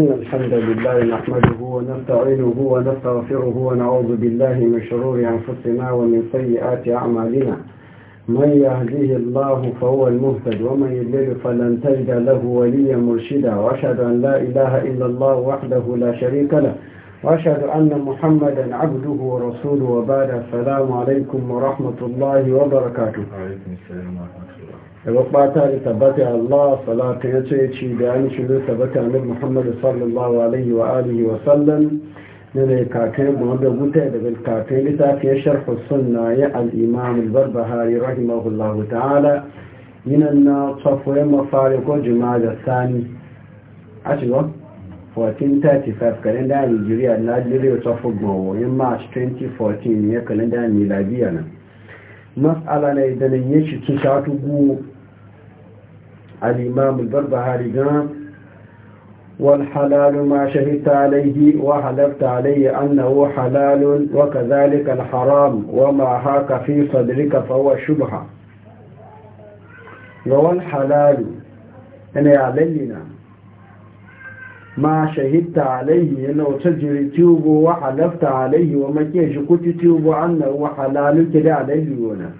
إن الحمد لله نحمده ونستعينه ونستغفره ونعوذ بالله من شرور أنفسنا ومن سيئات أعمالنا من يهديه الله فهو المهتد ومن يضلل فلن تجد له وليا مرشدا وأشهد أن لا إله إلا الله وحده لا شريك له وأشهد أن محمدا عبده ورسوله وبعد السلام عليكم ورحمة الله وبركاته وعليكم السلام ورحمة الله daga fata da tabbata Allah salatu ya ce ci da ya shi zai tabbata ne Muhammadu sallallahu alaihi wa alihi wa sallam ne ne kakai Muhammadu Guta daga kakai littafin sharh sunna ya al-Imam al-Barbahari rahimahullahu ta'ala yinan na tsafo ya mafari ko jima'a da sani a cikin 1435 kalenda Nigeria na Nigeria tsafo gowo yin March 2014 ya kalenda miladiya nan mas'ala ne da ne ya shi tun shatu guwo الإمام البربهاري قام والحلال ما شهدت عليه وحلفت عليه أنه حلال وكذلك الحرام وما هاك في صدرك فهو شبهة والحلال أنا علينا ما شهدت عليه أنه تجري تيوب وحلفت عليه وما كيش كنت تيوب عنه وحلال كده عليه ونه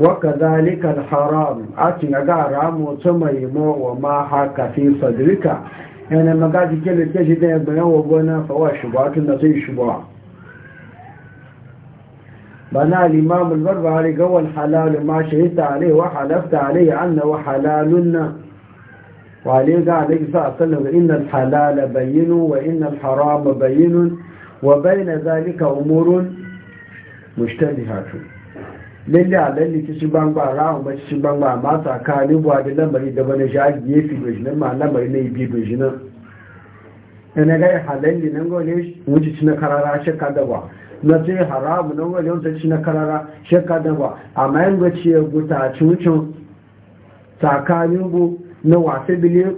وكذلك الحرام أتنا غرام وتميم وما حك في صدرك انا يعني ما قاعد يقول لك يجي ده بنا وبنا فهو كنا زي شبهة بنا الإمام البربري قال الحلال ما شهدت عليه وحلفت عليه أنه حلال وعليه قال عليه الصلاة والسلام إن الحلال بين وإن الحرام بين وبين ذلك أمور مشتبهة lalle a lalle ci bangba rahun ba shi bangba amma tsakanin buwa da lamari da bane shi a gefe bai shi ma lamari na ibi bai shi gai halalli nan gole wuce ci na karara shakka da ba na ce haramu nan gole wuce ci na karara shakka da ba amma yin ga ce guta ci tsakanin bu na wasa bilin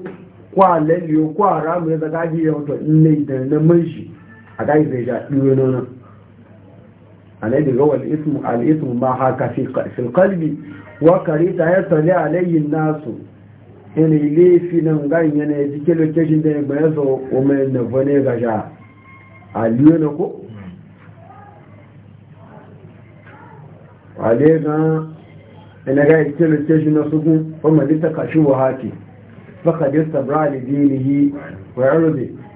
kwa lalle ko haramu ya zaga biyu ya wuce ne da na mun shi a gai zai ja ɗiyo nan annabi ga wal ismu haka fi fil qalbi wa karita yasali alayhi ina ile fi nan ga yana ya jike lokacin da ya bayar so o mai na fane ga sha aliyo na ko wale ga ina ga jike lokacin na kuma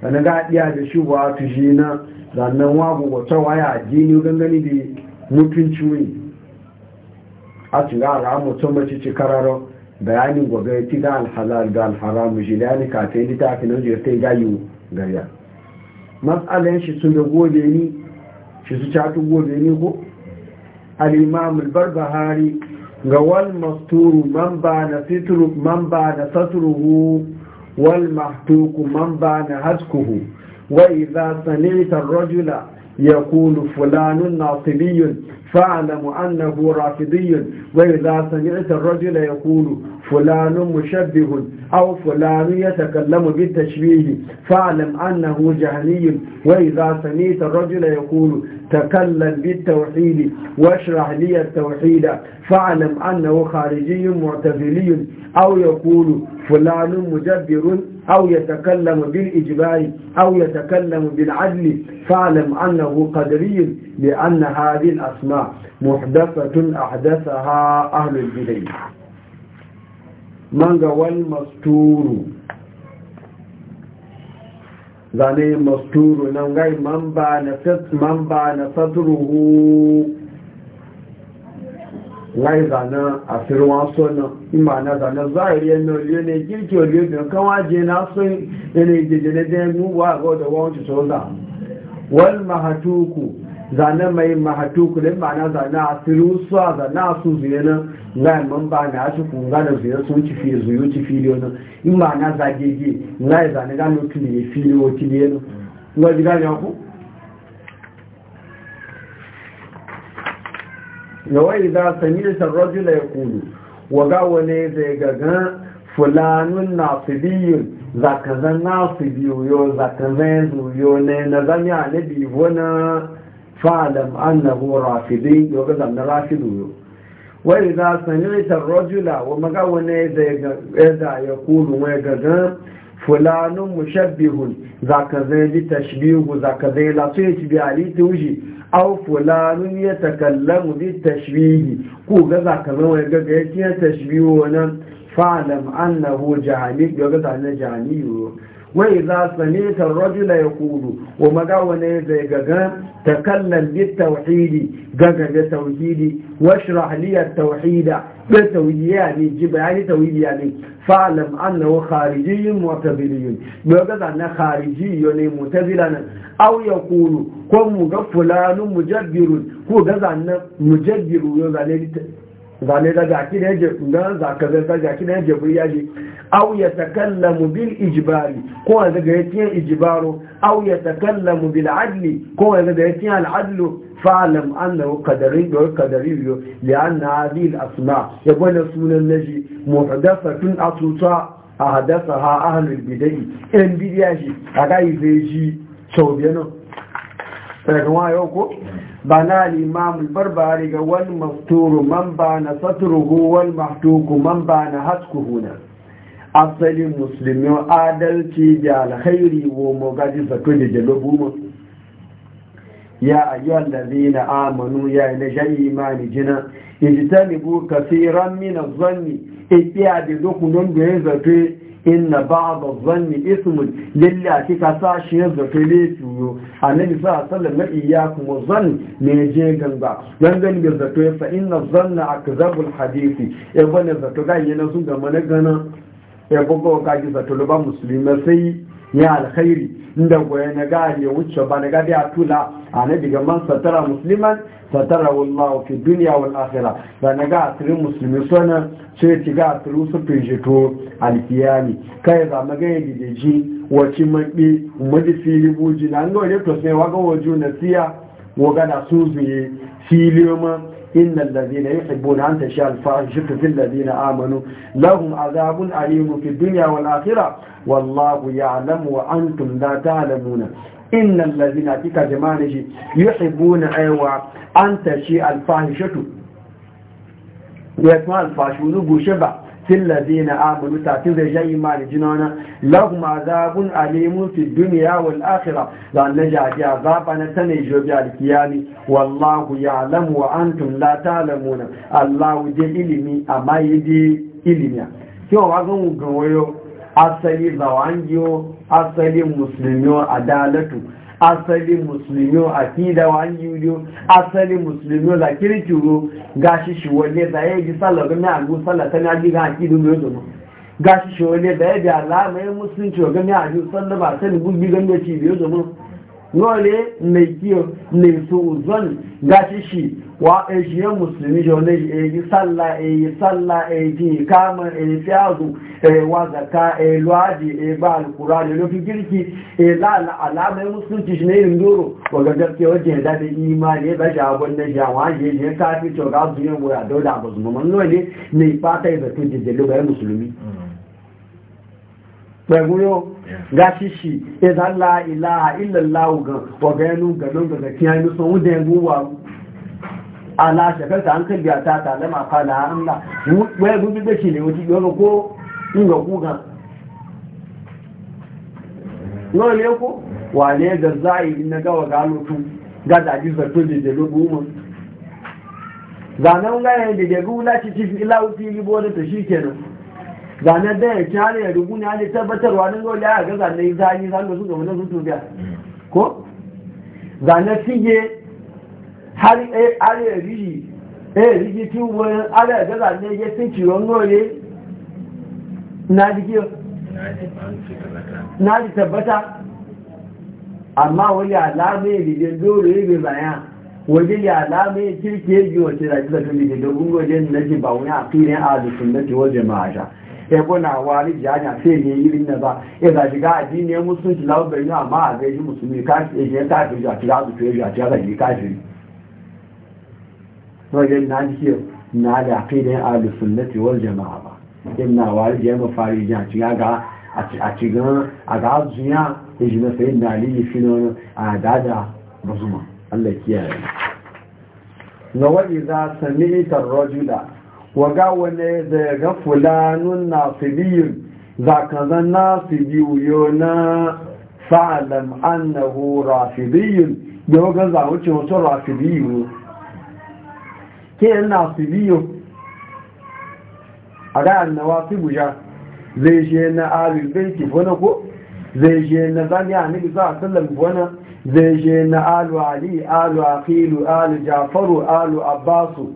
sannan ga haɗiya da shi ba tu shi na zannan wabu wata waya jini gangani da mutunci ne a ci ga ala mutum mace ci kararo bayanin ya ti ga alhalal da alharamu shi da yani kafin littafin nan jirta ta yi gariya matsalin shi sun da gobe ni shi su catu gobe ni ko alimamul imam al-barbahari ga wal masturu man ba na saturu والمحتوك من بان هتكه وإذا سمعت الرجل يقول فلان ناصبي فاعلم أنه رافضي وإذا سمعت الرجل يقول فلان مشبه أو فلان يتكلم بالتشبيه فاعلم أنه جهني وإذا سمعت الرجل يقول تكلم بالتوحيد واشرح لي التوحيد فاعلم أنه خارجي معتزلي أو يقول فلان مجبر أو يتكلم بالإجبار أو يتكلم بالعدل فاعلم أنه قدري لأن هذه الأسماء محدثة أحدثها أهل البدع من والمستور المستور ذنين مستور gai man ba na satruhu láì zànà àfihàn sọ́nà ìmọ̀ ànàzànà záàrí ẹnà olè ní kíríkì olè obìnrin lásán ẹni ìdèdèdè mú wà àgọ́dọ̀ wọ́n ti sọ́dà wọ́n mahatuku zànà mai mahatuku lè mọ̀ ànàzànà àfihàn sọ́ àzànà àsù ga wai za samita rajula ya kulu wa ga wani zai gagan fulanun nasibiyun zakazan nasibiyu yo zakazan zuyo ne na zami a na biyu na falam annahu rafidin yo ga zamna rafidu yo wai za samita rajula wa maga wani zai gagan ya kulu wai gagan fulanun mushabbihun zaka zai ji tashbihu zaka zai lasu ya ci biyali tushi Au fulanun ya takallamu bi tashbihi ku ga zaka zai wani gaga ya ci tashbihu wannan fa'alam annahu jahili ga ga zane jahili wai za sami ta rajula ya kudu wa magawa ne zai gaga ta kallon bit tauhidi gaga da tauhidi wa shirahliyar tauhida da tauhidiya ne ji bayani tauhidiya ne fa'alam annahu kharijiyyun mu'taziliyyun bai ga zanna kharijiyyo ne mu'tazila nan aw yaqulu ko mu ga fulanun mujabbirun ko ga zanna mujabbiru yo zanne zane da zaki da yake nan zaka zai zaki da yake buri yaji aw yatakallamu bil ijbari ko wanda ga yake ijbaro aw yatakallamu bil adli ko wanda ga yake al adlu lam annahu qadari wa qadari li anna hadhihi al asma yabana sunan naji muhdathatun atuta ahdathaha ahlul bidai in bidiyaji aga yi zai ji sau biyu sarkawa yau ko ba na limamu barbari ga wani mafturu man ba na saturuhu wani maftuku man ba na haskuhuna asalin musulmi adalci da alkhairi wa mogaji zato da jalobu mu ya ayyuhal zina amanu ya ina jayi imani jina ijtanibu kaseeran min az-zanni ikiya da dokun don da zato inna ba'da ismu ismun a kika shi ya zafe ne tuyo annabi sa sallam na iyyakum zann ne je ganga gangan ga zato fa inna zanna akzabul hadisi ya bane zato ga yana sun ga mana gana e bugo ga ji zato ba musulmi sai ya alkhairi inda goye na ga ya wuce ba na gari a tula a na diga man satara musliman satara wallahu fi duniya wal akhirah da na ga asirin musulmi sona ce ti ga asirin su finjito alkiyami kai za mu ga yadda ji wace maɓi umadi fili buji na an ga to sai waga wajen nasiya waga da su fili ma إن الذين يحبون أن تشاء الفاحشة في الذين آمنوا لهم عذاب أليم في الدنيا والآخرة والله يعلم وأنتم لا تعلمون إن الذين أتيك جمانج يحبون أيوة أن تشاء الفاحشة يسمى الفاحشة وذبو شبع filladina amanu tatin zai ja imani jinona lahum azabun alimun fi dunya wal akhirah la naja ji azaba na tane jobi alkiyami wallahu ya'lamu wa antum la ta'lamuna allah je ilimi amma yidi ilimi ki wa gan gan wayo asali zawangiyo asali muslimiyo adalatu asali musulmi a kida wa an yiwu asali musulmi da kirkiro gashi shi wale da ya ji sallar na alu sallar ta naji ga akidu mai zama gashi shi wale da ya ji alama ya musulunci wa gani a yi sallar ba ta nubu gidan da ci biyu zama nole mai kiyo mai suzon gashi shi wa ajiyar musulmi jone e yi sallah e yi sallah e yi kama e yi fiyazu e wa zaka e luwaji e ba alkura da lofi girki e la alamai musulunci shi ne yin doro wa ga gaske wajen ya dade imani ya ba shi abun na shi awon ajiye ya kafi to ga su yin wuya dauda ba su mamman nole mai fata ya zato jijjali bayan musulmi. gbẹ̀gúnyó gáṣíṣì ìdálá ìlà ìlẹ̀lá ògàn ọ̀gẹ́nu gẹ̀lógẹ̀gẹ̀ kí a inú san oúnjẹ ẹgbówà aláṣẹ̀fẹ́ta ń kẹ́lẹ̀ àtàtà lẹ́mà padà ńlá wẹ́gbẹ́ gbígbé ṣì ojú yọ́nà kó ńlọ̀kú kenan zane da ya ci hali ya rubu ne hali tabbatarwa nan dole ya ga zane za yi zane su gaba na su biya ko zane fiye har eh, ya riji ya eh, riji tun wani hali ya ga zane ya fi ciwon nore na jiki na ji tabbata amma wani alamu ya rije dole ya bai baya wajen ya alamu ya kirke ya ji wace da ji da kan rije dogon wajen na ji ba wani akirin a da sunnati wajen ma'asha ebona wari janya sai ne yi na ba ya za shiga addini ya musulunci laubar yi amma a gaji musulmi kashi ya shiga kashi ya shiga su fiye ya shiga zai kashi wajen na ji ke na da aqidan ahlus sunnati wal jama'a ba inna wari ya mafari ya shiga ga a cikin a ga azuya ya ji na sayin na aliyu shi na a dada bazuma Allah kiyaye. Ga wa'iza sami ita rajula waga wane da ga fulanun nasibiyun zakazan nasibiyu yau na na annahu rafidiyun da waga zawuce wasu rafidiyu ke yin nasibiyu a ga na fi buja zai she na alil baiti fona ko zai she na zani a za a sallar fona zai she na alu ali alu aqilu alu jafaru alu abbasu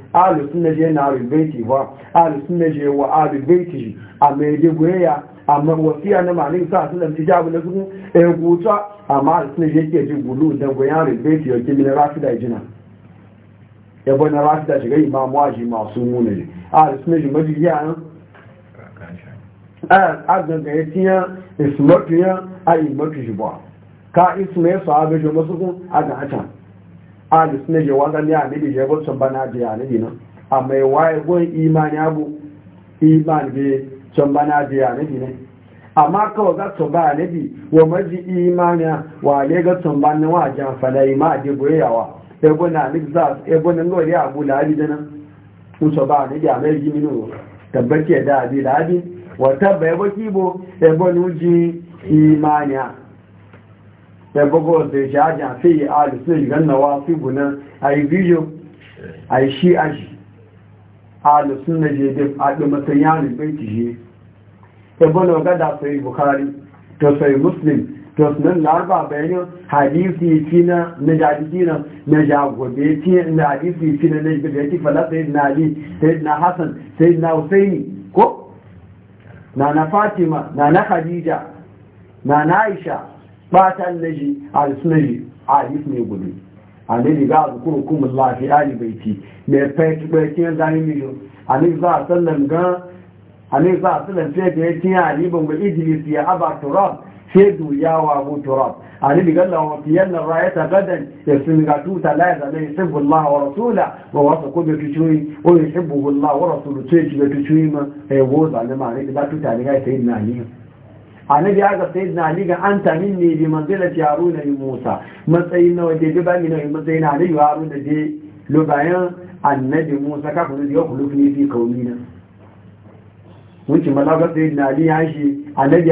alu suna je na alubaiti ba alu suna je wa alubaiti a mai jegoya amma wasiya na malin sa su lamci jabu na sun eguta eh, a alu suna je ke ji gulu da goyan alubaiti ya ke mina rafida jina ya bai na rafida shiga imamu waji masu muna ne alu suna je maji yaran eh, a gangare tiya ismatu ya a imatu shi ba ka ismai su abin shi masu kun a ga hatan ahlu sunna je wanga ya anabi je go chamba na je anabi no amma ya go imani abu imani na anabi ne amma kawai ga chamba anabi wa maji wa le ga chamba na wa jan falai je na anabi za ebo na ngori abu dana ku minu da abi labi wa tabba ebo kibo ya gogo da ya ajiya sai a ajiya sai shigar na fi gunan a yi biyu a yi shi aji A da suna je da haɗu matan yanin bai ti je ya bane gada sai bukari to sai muslim to sunan larba bayanin hadisi fina na jadisi na na jagobe na hadisi fina na jadisi fala sai na ali sai na hassan sai na husaini ko na na fatima na na khadija na na aisha batan a al-sunaji hadis ne gudu annabi ga zukuru kuma lafi ali baiti me fayyaci bayakin zani za a sallan ga annabi za a sallan sai da yakin ali ban ga idris ya aba turab sai duyawa abu turab annabi ga lawa fiyan ta gadan ya sun ga tuta la ya zai allah wa rasula wa wasu ko da tuci wa yuhibbu allah wa rasulu sai ci da tuci ma ai wo zalima ne da tuta ne ga sai na ni annabi haka sai na ali ga an ta minni bi manzilati haruna bi musa matsayin nawa ke bi bani nawa matsayin ali haruna je lo bayan annabi musa ka kuma ya kulu ni fi kaumina wuce malaka sai na ali ya shi annabi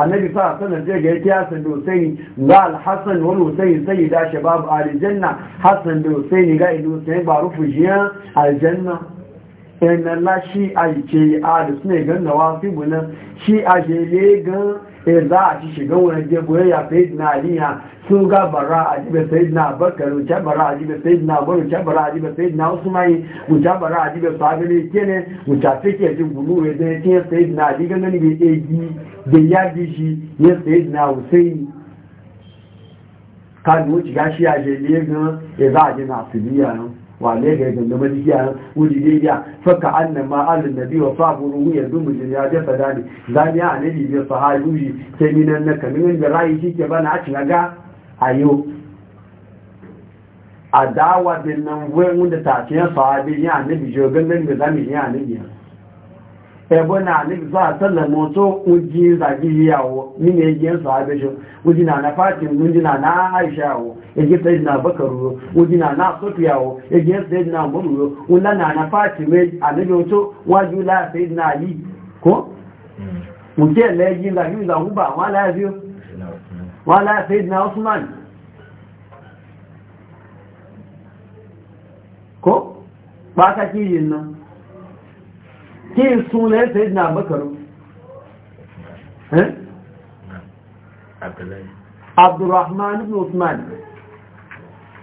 annabi sa sanar zai ga ya san da husaini ga alhassan wani husaini sai da shabab Alijanna, hassan da husaini ga ilu sai ba rufu jiya aljanna ẹ̀nàlá ṣí àìṣe àdìsún ìgbẹ́nàwà fíìmù náà ṣí àṣẹlẹ̀ gan ẹ̀zá àti ṣìgbọ́n ẹjẹ́bù ẹ̀yà fẹ́ìdìnà àríyà sun gabara àjíbẹ̀ fẹ́ìdìnà àbẹ́kẹ̀rẹ̀ òjábàrá àjíbẹ̀ fẹ́ìdìnà àbọ̀rẹ̀ òjábàrá àjíbẹ̀ fẹ́ìdìnà ọ̀sùnmáyé òjábàrá àjíbẹ̀ fàábẹ̀lẹ̀ kẹ́nẹ̀ òjáfẹ́kẹ̀ ti gbùlú ẹ̀dẹ́ tí ẹ̀ fẹ́ìdìnà àdígẹ́gẹ́ wale ga yadda zama jikiya wuri daidai faka annan ma alin nabi wa sabu ruhu ya zumu jin ya jefa dani zaniya a nabi bai saha yuri sai minan na kamin da rayu shi ke bana a cin ga a Adawa a dawa din nan wai wanda tafiyan sahabi ya nabi jogan nan da zami ya nabi ya ebo na nabi za a sallan moto uji zagi yawo mine yin sahabi shi uji na na fatin uji na na aisha yawo yake sai na bakaru wudi na na sotu yawo yake sai na muru wala na na fati me anabi oto waju la sai na ali ko muke hmm. leji la yi la huba wala zio wala sai na usman ko ba ka kiyin nan ki sunan sai na bakaru eh Abdullah Abdurrahman ibn Uthman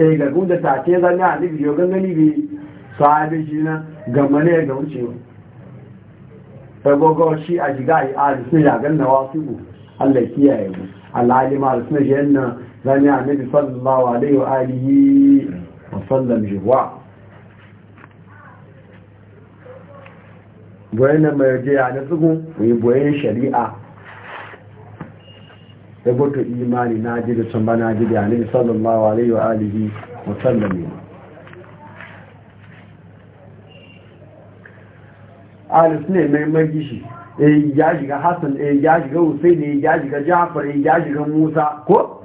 eh ga gunda ta ce zan a alibi yo gangani bi sahabi shi na gama ne ga wucewa ɗagogo shi a shiga a yi alisun ya ganna wasu bu allah kiyaye mu al'alima alisun shi yana zami a nabi sallallahu alaihi wa alihi wa sallam jiwa boye na mai jiya na tsugun mai boye shari'a ebotu imani na jide da sun na ji da sallallahu alaihi wa alihi wa sallam alis ne mai magishi eh ya Hassan, hasan eh ya shiga husaini eh ya shiga jafar eh ya musa ko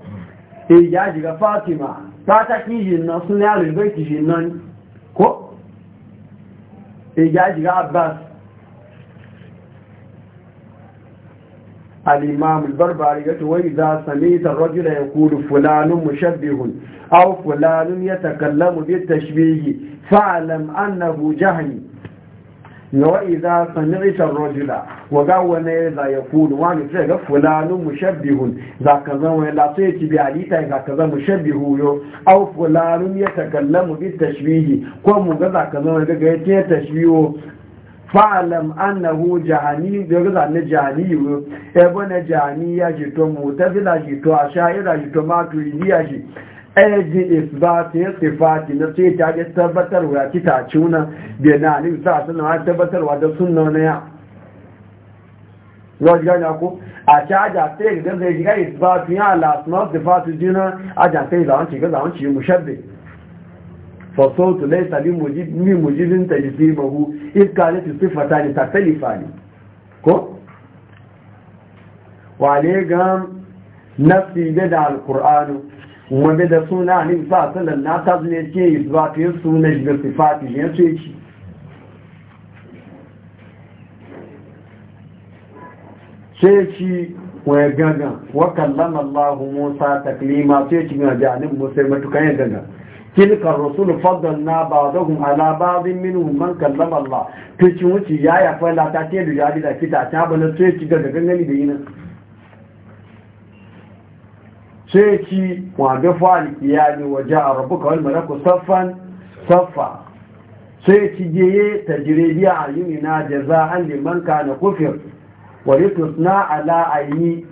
e ya ga fatima fata kijin nan sun ya rubaiti shi nan ko e ya ga abbas al’imam barbari ga tuwai za su ne ta rajula ya kuru fulanin mushabihun au fulanin ya takallamu bi tashbihi fa'alam annahu jahani na wa iza sami rikin rojula wa ga za ya kudu wani sai ga fulanin mushabihun za ka zama ya lasu ya ci bi alita ya za ka zama mushabihu yo au fulanin ya takallamu bi tashbihi ko mu ga za ka zama ga ga ya ce tashbiho fa'alam annahu jahani daga zane jahani yiwu ebe na jahani ya ji to da ji to da ji to maturidiya ji aji e isbatin sifati na sai ta ga tabbatarwa ya kita cuna da na ne sa suna tabbatarwa da sunna na ya lọ́jọ́ gánà kú àti àjàtẹ́ ìgbẹ́gbẹ́ ìgbẹ́ ìsìbá fi hàn lásìmọ́ sífà tó dínà àjàtẹ́ ìlànà ṣìgbẹ́ ìlànà فالصوت ليس بمجيب من مجيب تجسيمه إذ كانت الصفتان تختلفان كو وعليه نفسي بدع القرآن وما بدع سنة عن النبي صلى الله عليه وسلم لا تظن كي إثبات السنة بصفات جنسيتي سيتي ويغغا وكلم الله موسى تكليما سيتي غغا نبي موسى متكاين غغا تلك الرسول فضلنا بعضهم على بعض منهم من كلم الله تشي وشي يا يا فلا تاتي دي جادي لا كتا تابا لا تشي غا غا غني بينا تشي وعد فعل يعني وجاء ربك والملك صفا صفا تشي جي تجريبي عيوننا جزاء لمن كان كفر ولتصنع على عيني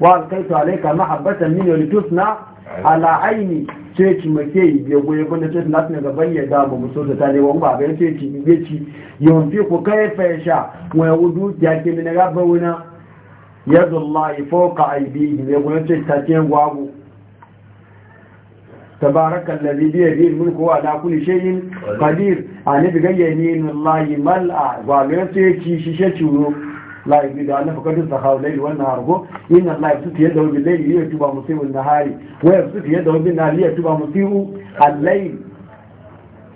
وألقيت عليك محبة مني ولتصنع ala'aini ceci mace yi biyu goyi kundin ceci na ne gaban ya damu musu da ta lewa ba ga ceci biyu ci yawon fi ku kai fesha wani hudu ya ke mini gaba wuna ya zulla ifo ka aibi ne kundin ceci ta ce gwagu tabarakan da bi biyu biyu mulku wa da kuli shayin kadir a nufi gayyani nullahi mal'a gwagwar ceci shi shi shi shi لا يريد أن فقد الزخاء الليل والنهار هو إن الله يبسط يده بالليل ليتوب مسيء النهار ويبسط يده بالنهار ليتوب مسيء الليل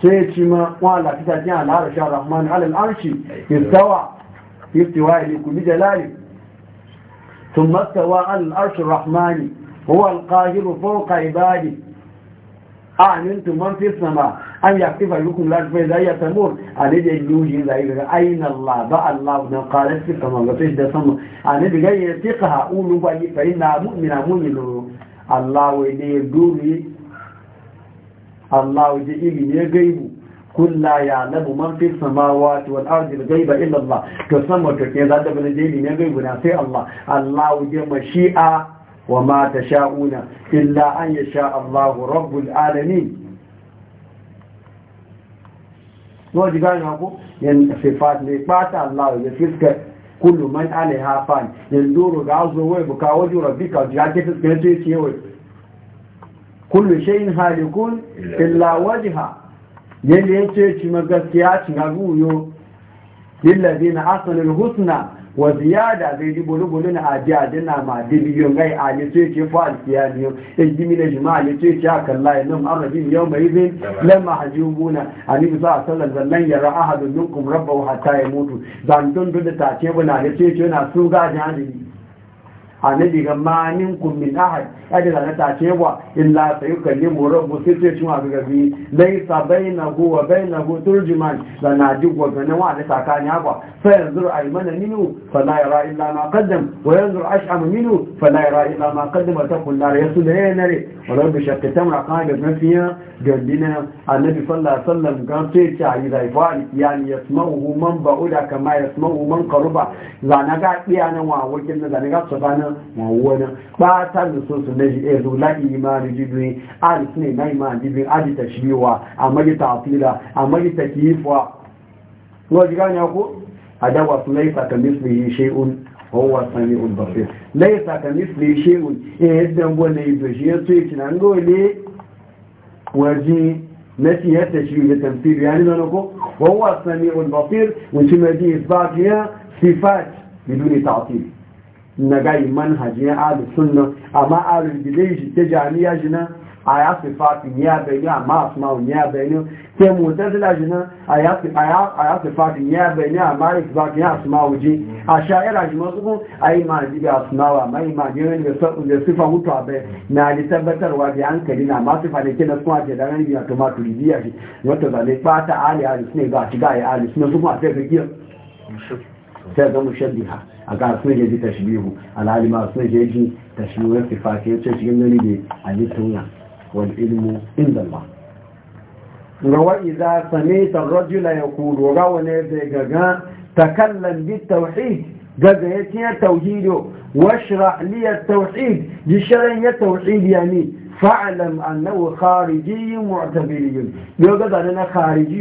سيتشما وعلى كتاتين على عرش الرحمن على العرش استوى استواء لكل جلاله ثم استوى على العرش الرحمن هو القاهر فوق عباده a amintun man fi sama an ya fi bari hukun lati bai zai ya samu ne da yi yi zai daga aina Allah ba Allah na kare fi sama ga fi da sama a ne da yi fi ka ha'ulu yi fari na mu'mina na ro Allah wai ne ya duri Allah wai ji ili ne gaibu ya labu man fi sama wa ci wani gaiba illa Allah sama ta ke zata bane ji ili ne na sai Allah Allah wai ji mashi'a وما تشاءون إلا أن يشاء الله رب العالمين wajen gani haku yan sifat mai bata Allah ya fiska kullu man alaiha fan yan doro ga zo wai buka wajen rabbika ya ke fiska yato yake yawai kullu shayin halikun illa wajha yanda yake ci magaskiya ci na ruyo lillazina ahsanul husna wa da zai ji bulu bulu na aji aji na ma di gai a ne sai ce fa alkiya ne ya ji mina jima a ne sai ya aka layi nan an rabin yau mai zin lan ma haji muna a ne bisa a sallar zallan ya ra'a hadin ninkum wa hata ya mutu zantun duk da ce buna ne sai ce yana su gajin hadin a ne diga ma ninkum min ahad kaji da ta ce wa illa sai kalli mu rabbu sai ce shi wani gabi baina go, wa baina go turjuman da na ji gwagana wa da takani ba fa yanzu aymana minu fa la yara illa ma qaddam wa yanzu ash'am minu fa la yara illa ma qaddam wa taqul nar yasu da ne re rabbi shaqqatan raqaga nafiya gandina annabi sallallahu alaihi wasallam ga ce ta ayi da ifani yani yasma'uhu man ba'uda kama yasma'uhu man qaruba zanaga iya nan wa wakin zanaga sabana wa wani ba ta su naji e zo la imani jibin al sunne na imani jibin al tashbiwa amali ta'tila amali takyifwa waji gane ko adawa sulaysa kamithlihi shay'un huwa samiul basir laysa kamithlihi shay'un eh dan gona yizo shi yato yake nan dole waji نتي يتشبيه بالتمثيل يعني نقول وهو السميع البصير وانتم دي إثباتها صفات بدون تعطيل na gai manhajin ahlu sunna amma ahlu bidai shi ke jami'a shi nan a ya fi fatin ya bayani amma asma'u ya bayani ke mutazila shi nan a ya fi fatin ya bayani amma ya fi fatin ya asma'u ji a sha'ira shi masu kun a yi maji ga asma'u amma yi maji wani da sifa mutu a bai na ni tabbatarwa da hankali na masu falake na suna ce da ranar biya to maturidiya shi wata zane fata ahli ahli suna ga shiga ya ahli suna su kuma a sai ga giyar سيدا مشبهة أقول أسمي جدي تشبيه أنا علم أسمي جدي تشبيه وفاكي يتشج جمنا لدي أن يتونا والعلم عند الله روى إذا سميت الرجل يقول روى نيزي قاقا تكلم بالتوحيد قاقا يتنى توحيده واشرح لي التوحيد جشرين يتوحيد يعني fa'alam annahu kharijiyyun mu'taziliyyun yau ga zane na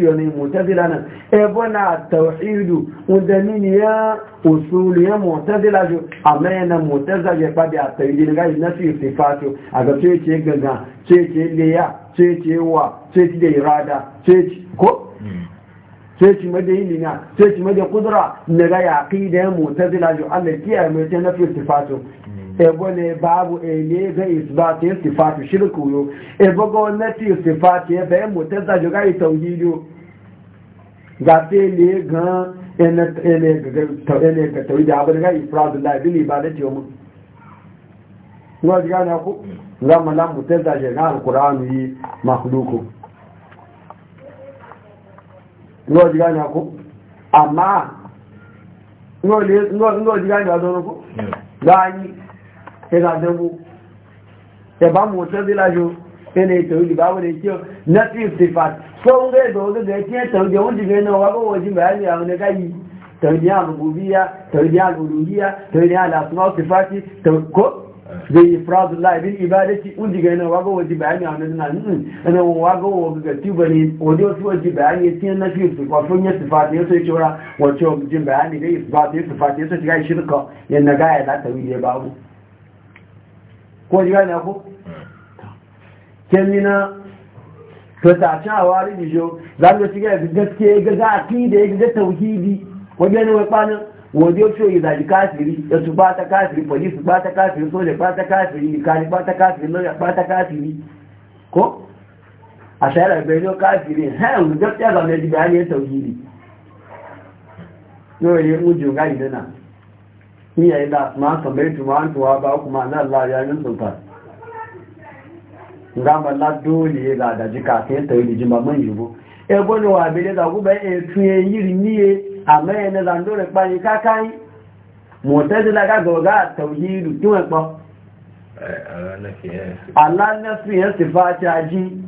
yau ne mu'tazila nan ebona tauhidu udamini ya usuli ya mu'tazila jo amma yana mu'tazila ya fadi a na gaji na fi fato a ga ceci ce gaga ce ce leya ce wa ceci da irada ceci ko sai ci mada yi lina sai ci mada kudura na ga yaƙi da ya mota zila jo Allah kiyaye mai sai na fi ebole babu ele ga isbat istifatu shirku yo ba onati istifatu e be muteza joga itawhidu ga tele gan ene ene ga ene ga tawhid abin ga ifrad la bil ibadati yo ngwaji gana ku zama lan muteza je ga alqur'anu yi makhluku ngwaji gana ku amma ngole ngole ngwaji gana ku hmm. gani ẹgbà dánwó ẹ̀bá mú ọ̀tọ́ sí lájọ ẹni ètò olùbáwọ̀ lè tí ó nọ́tí ìsìfà tó ń gbé ìgbà ogógẹ́ tí ẹ̀ tẹ̀wọ́n jẹ́ oúnjẹ náà wà bọ́wọ́ jí bàá ní àwọn ẹ̀ká yìí tẹ̀wọ́n àlùgbòbíyá tẹ̀wọ́n àlùgbòbíyá tẹ̀wọ́n àlàsùnmọ́ sífàtì kó zai yi fraud lai bin ibadati un diga yana a wannan ya ya ya da babu ko ji gane ko kemina to ta ci a wari bijo za mu ci ga gaske ga ga ti da ga tauhidi wajen ne wani wanda ya ce zaji kafiri ya su bata kafiri polisi bata kafiri soja bata kafiri kari bata kafiri lauya bata kafiri ko a shayar da bai kafiri ha yanzu gaskiya ga mai jibi ya tauhidi yau ne mun jiyo gari nan? ni yayin da asma samaitu ma antuwa ba kuma na ya ngamba la dole la da jika sai ta yi jima man yubo e wa da ku ba e yiri niye amma ne da ndore pa ni kakai ga pa Allah na fi yin sifati aji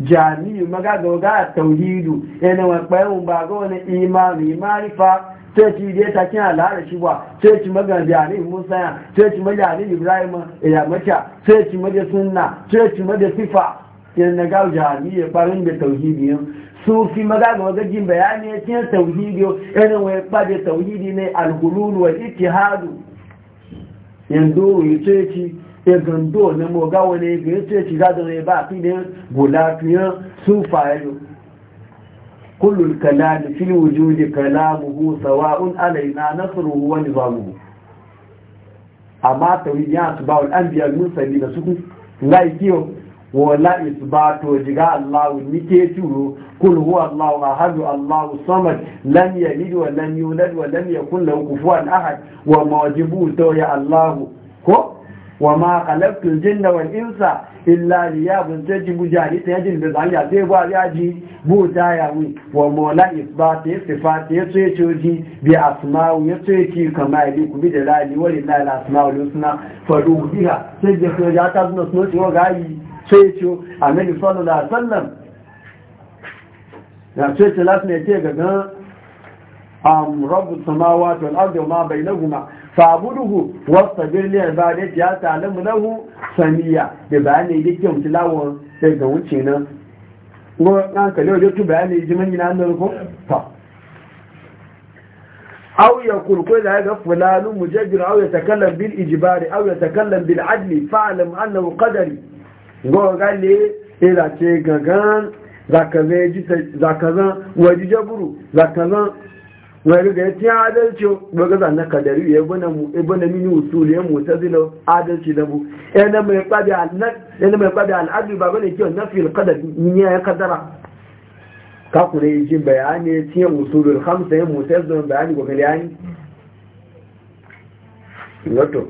jami'u magagoga tauhidu e wa pa imani sai ci da ta kin alhara shi ba sai ci magana da Musa ya sai ci magana da Ibrahim ya mata sai ci magana sunna sai ci magana sifa yan na ga ya barin da tauhidi sufi maza ga wagajin bayani ya cin tauhidi yana wai ba da tauhidi ne alhulul wa ittihadu yanzu ya sai ci ya gando na mogawa ne ga yi sai ci da ba fi da gulafiyan sufa كل الكلام في وجود كلامه سواء علينا نصره ونظامه أما تويد يأتباع الأنبياء المرسلين لا يكيو ولا إثبات وجاء الله نكيته كل هو الله أحد الله صمد لم يلد ولم يولد ولم يكن له كفوا أحد وما وجبه تويا الله كو wa ma khalaqtul jinna wal insa illa liyabun tajibu jari ta yajin da zanya sai ba ya ji ta ya wi wa mola isbati sifati ya ce coji bi asma'u ya ce ki kama ili ku bi da lali wa lillahi al asma'ul husna fadu biha sai da ko ya ta zuwa gayi ce ne ce ga am rabbus samawati fabuduhu wasu birnin ba da ya talamu lahu samiya da bayanai da kyau tilawon daga wuce nan ɗan kalli wajen tu bayanai ji manyan hannun ko ta au ya kurko da ya ga fulanin mujajjir au ya bil ijibari au ya bil adli fa'alam annahu qadari go gale ila ce gagan zakazan wajen wani ga ya adalci ba ga na kadari ya bane mini usuli ya mota zilo adalci da bu yana mai kwabi al'adu ba bane kiyon na fil kadar niya ya kadara ka kuna yi jin bayani ya ciye usulul hamsa ya mota zilo bayani ga bayani wato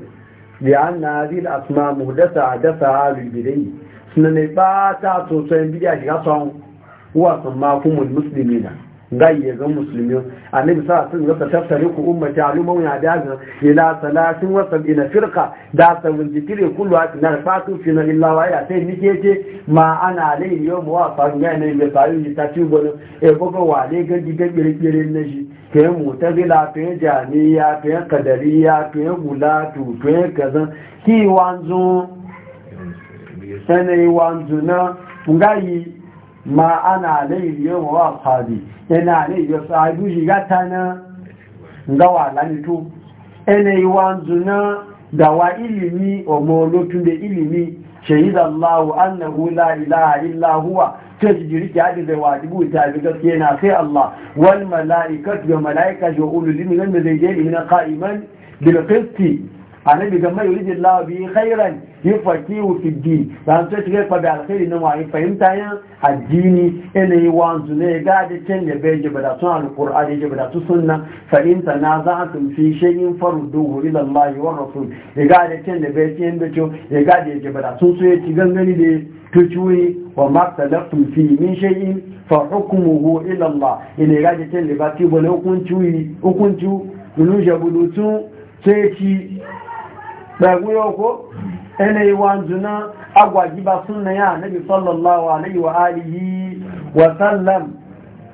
da an na zil asma muhdasa dasa a bidai suna ne ba ta sosai bidiya shiga son wasan makumul musulmi na gayye ga musulmi annabi sa sun ga tattare ku ummati alumun ya daga ila salatin wa sab'ina firqa da sabun jikire kullu a tinar fatu fi na illa wa ya sai nike ce ma ana yo mu wa fa ga ne da sai ta ci gono e gogo wa le ga diga gire na shi ke gila ke jamiya ke kadariya ke tu ke kazan ki wanzu sanai wanzu na ngai ما انا عليه اليوم واصحابي انا عليه يصعدو جيغاتانا نغوا لاني تو اني وانزنا دواء علمي ومولو تند علمي شهيد الله انه لا اله الا هو تجري جادي ذي واجبو تابقى كينا في الله والملائكة والملائكة جو قولوا من المزيدين من قائما بالقسط annabi ga mai yuri Allah bi khairan yufaqihu fi din dan sai tike kwa da alkhairi nan wa fahimta yan addini ene yi wanzu ne ga da can da bai ji bada sun alqur'ani ji bada su sunna za a tun fi shay'in farudduhu ila Allah wa rasul ga da can da bai ji inda to ga da ji da sun so ya ci gangani da tujuyi wa tun fi min shay'in fa hukmuhu ila Allah ina gaje tan libati bole hukunci hukunci nunu jabulutu sai ci ɗagu yau ko yanayi wanzuna agwaji ba suna ya nabi sallallahu alaihi wa alihi wa sallam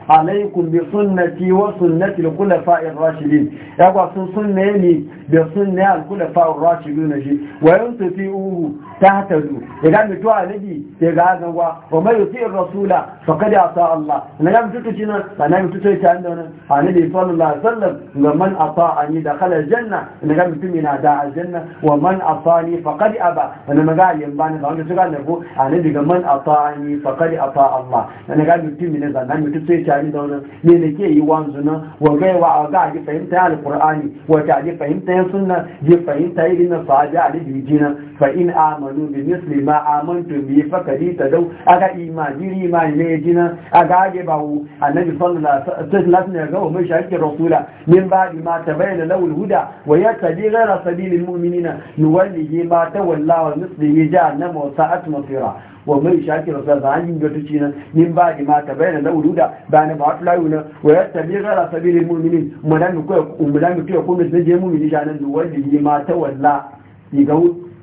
alaikum bi sunnati wa sunnati al-khulafa'ir rashidin yagwa sun sunne ne da sunna al-khulafa ar-rashidun shi. wa yantasi'uhu tahtadu idan mutu annabi ya ga zanwa wa mai yuti ar-rasula faqad ata Allah na ga mutu cinan sanan mutu sai ta inda wannan annabi sallallahu alaihi wasallam ga man ata'ani dakhala al-janna na ga mutu mina da al-janna wa man ata'ani faqad aba na maga yan bani ga wanda suka ne ko annabi ga man ata'ani faqad ata Allah na ga mutu mina sanan mutu sai ta inda wannan ne ne ke yi wanzu na wa gaiwa a ga fahimta al-qur'ani wa ta fahimta matsayin sunna ya fahimta irin na sahabi a libi jina fa in amanu bi misli ma amantu bi fakari ta dau aga imani imani ne jina aga age ba wu annabi sallallahu alaihi wasallam ga umma shaki rasula min ba'di ma tabayyana lahu al-huda wa yattabi ghayra sabilil mu'minina nuwallihi ma tawalla wa nuslihi jahannama wa sa'at masira wa mai shaki rasul da hanyar da ci na? min ba di ma tabayyana da ba na ba wata layu nan wa ya tabi gara sabili mu'minin mudan ku mudan ku ya kuma sai je mu'mini shanan da wanda ma walla yi ga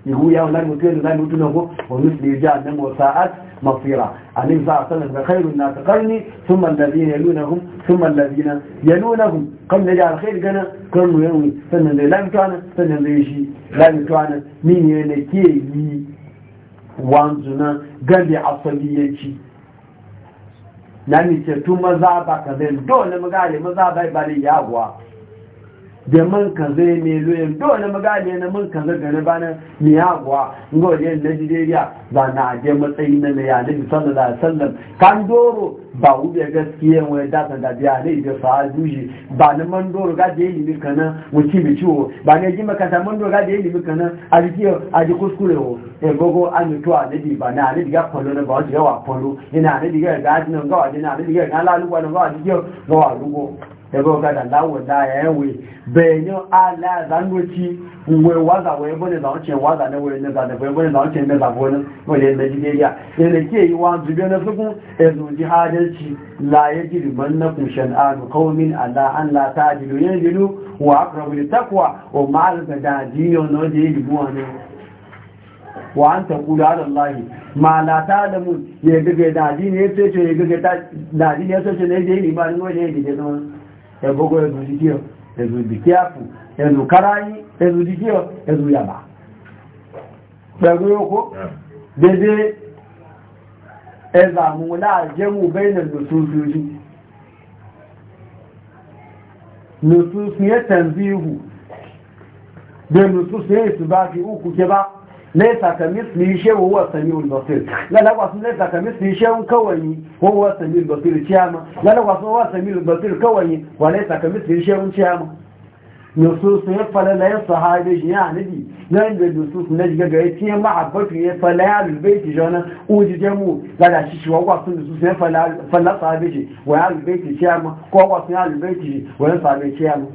yahu ya wannan mutum da mutum nan ko wa misli jahannam wa sa'at مصيرا عليه الصلاة والسلام خير الناس قرني ثم الذين يلونهم ثم الذين يلونهم قم نجعل خير جنا كانوا يومي سنن لا يمتعنا سنن لا ni ne na ke yi. Wanzu a gabe asaliyanci na nike tun maza ba ka zai dole mu gane maza bai bari yaguwa da man kanzo ya mai loyin dole magani na man kanzo gane bana mai yaguwa ga wajen najeriya ba na aje matsayi na mai da sallallahu da wasallam kan doro ba wube gaskiya wani datan da biya ne da fa zuji ba na man doro ga da yi kanan wuci bi ciwo ba ne ji makanta man doro ga da yi kanan a jiki a ji kuskure wo e gogo an yi tuwa na ba na ne diga kwallo na ba wata yawa kwallo ina ne diga ga ajinan ga wajen na ne diga ga laluwa na gawa wa jiki ga rugo ebe ga da lawo da ya enwe benyo ala za ngochi uwe waza we bone za oche waza e na we ne za de bone za oche ne za bone no le ya ele yi wa dubi na suku ezu ji hadalci la yajidu e man nakum shan'an qawmin ala an la tajidu yajidu wa aqrabu lit taqwa wa ma'al gadadi yo no je ibu ane wa an taqulu ala allah ma la ta'lamun ye gege dadi ne sai ce ye gege dadi ne sai ce ne je imani no je no ẹgbogbo ẹzù díkíọ̀ ẹzù díkíàpù ẹzù káráyí ẹzù díkíọ̀ ẹzù yàbá pẹ̀lú yóò dédé ẹzà mú na bẹ́ẹ̀nà lòtúnfúnjú laisa ka misli shi wa huwa sami wani basir lalaka wasu laisa ka misli shi wa kawai wa huwa sami wani basir ciyama lalaka wasu wa sami wani kawai wa laisa ka misli shi wa ciyama nusus ne fala la yasa hadi ya nabi nan da nusus ne ga ga yi ma habbatu ya fala ya albayti jana uji jamu la da shi wa wasu nusus ne fala fala sabiji wa ya albayti ciyama ko wasu ya albayti wa ya sabi ciyama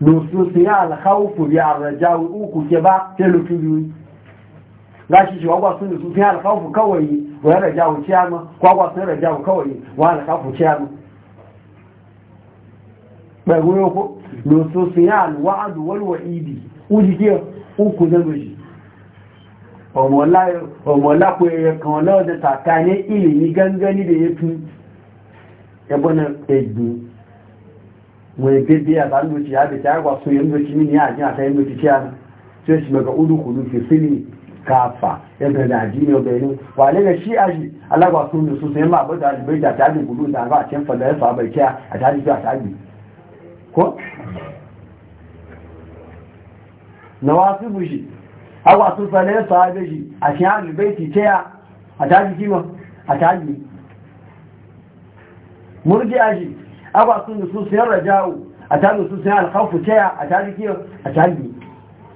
nusus ya al khawfu bi ar uku ke ba telu tuju gashi shi wagwa sun su fiye alkafu kawai wa raja hu ciyama kwagwa sun raja hu kawai wa alkafu ciyama bai goyo ko losu siyan wa'adu wal wa'idi uji ke uku na loji ọmọlá kò yẹ kan lọ́dẹ tàkà ní ìlìní gangani da ya tún ẹgbọ́nà ẹgbùn wọ́n ẹgbẹ́ bí àbálòtí àbẹ̀tẹ̀ àgbà fún ẹgbẹ̀tí ní àjíyàn àtẹ́ ẹgbẹ̀tí tí a tí ó sì mẹ́gbà olùkùnrin fèsílì kafa yadda da addini bai ne wale ga shi a shi alagwa sun da su sai ma da alibai da ta bin gudu da ba a can fada ya fa bai kiya a ta jiya ta bi ko na wasu bushi agwa sun fada ya fa bai shi a shi alibai ti kiya a ta ji kima a ta bi murji a shi agwa sun da su sai raja'u a ta da su sai alkhawfu kiya a ta ji kima a ta bi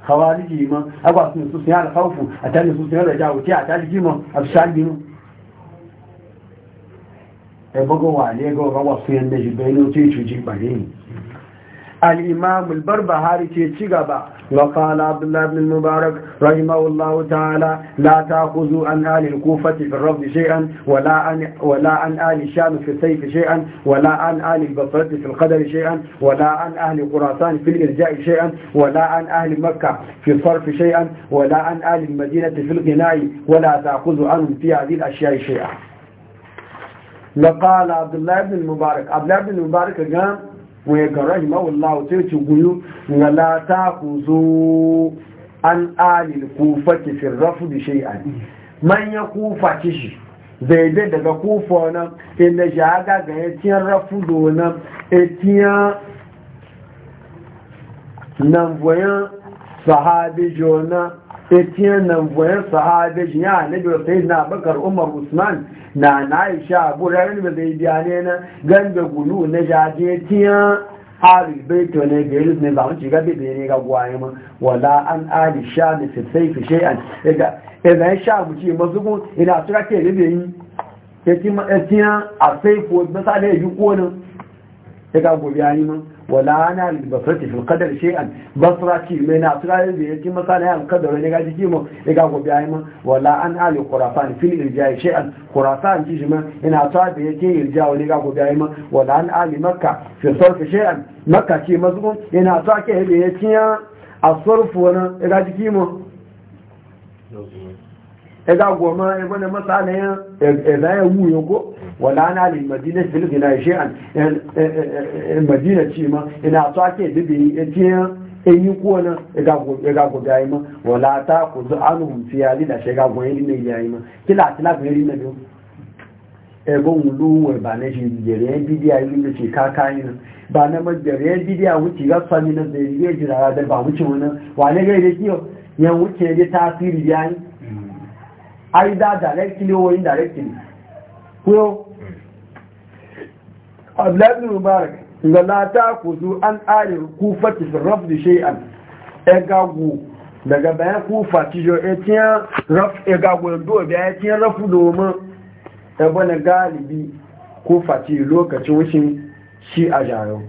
khawariji ma agwa sun su sun yana khawfu a tani su sun raja wuce a tani jima a shagi mu e bugo wa ne go ga wasu ne الإمام البربهاري تيشيغابا وقال عبد الله بن المبارك رحمه الله تعالى لا تأخذوا عن آل الكوفة في الرفض شيئا ولا عن ولا عن آل الشام في السيف شيئا ولا عن آل البصرة في القدر شيئا ولا عن أهل خراسان في الإرجاء شيئا ولا عن أهل مكة في الصرف شيئا ولا عن آل المدينة في الغناء ولا تأخذوا عنهم في هذه الأشياء شيئا لقال عبد الله بن المبارك عبد الله بن المبارك قال wai ga rahimahullahu sai ci guyu ga la ta ku zo an alil kufa ki firrafu bi shay'an manya kufa ki shi zai dai daga kufa na inda shi a ga ya tiyan rafu da na ya tiyan nan voyan sahabi jona ya tiyan nan voyan sahabi jina na biyu sai na bakar umar usman na na isha buraren da zai biya ne na ganda gulu na jaje tiyan hari bai to ne ga yusuf ne zamu ci gabe da ne ga ma wala an ali sha da sai fi shay an daga idan sha mu ci mazugun ina tura ke ne bai ya ci ma tiyan a sai ko da sa da yi ko ne daga gobe ani ma wala ana albasarci fil qadar shay'an basra ci mai na tsira da yake masana al qadar ne ga jiki mu ne ga gobe ayi mu wala an ali khurafan fil irja'i shay'an khurafan ci shi ma ina tsira da yake irja'i ne ga gobe ayi mu wala an ali makka fil sarf shay'an makka ci mazmun ina tsira ke da yake asarfu wani ga jiki mu Ega goma ibn ya ya wuyo wala na lil madina fil gina shay'an eh, eh, eh, madina ce ma ina to ake dubi tiyan in yi kuwa nan ga ku ga yi ma wala ta ku zu an hunfi ya da shiga gwan yi ne ya yi ma kila kila ku yi na biyu ebon lu wa ba na shi jere bidiya yi da ce ka yi nan ba na ma jere bidiya wuce ga sami na da yi jira da ba wuce wannan wane ga da kiyo ya wuce ne tasiri ya yi mm. ai da directly or indirectly ko abdullahi bin mubarak ga la ta kuzu an ayar kufa ki rafdi shay'an e gagu daga bayan kufa ci jo e tiyan raf e gagu ndo bi rafu domin e bana galibi kufa ci lokacin wucin shi a jaro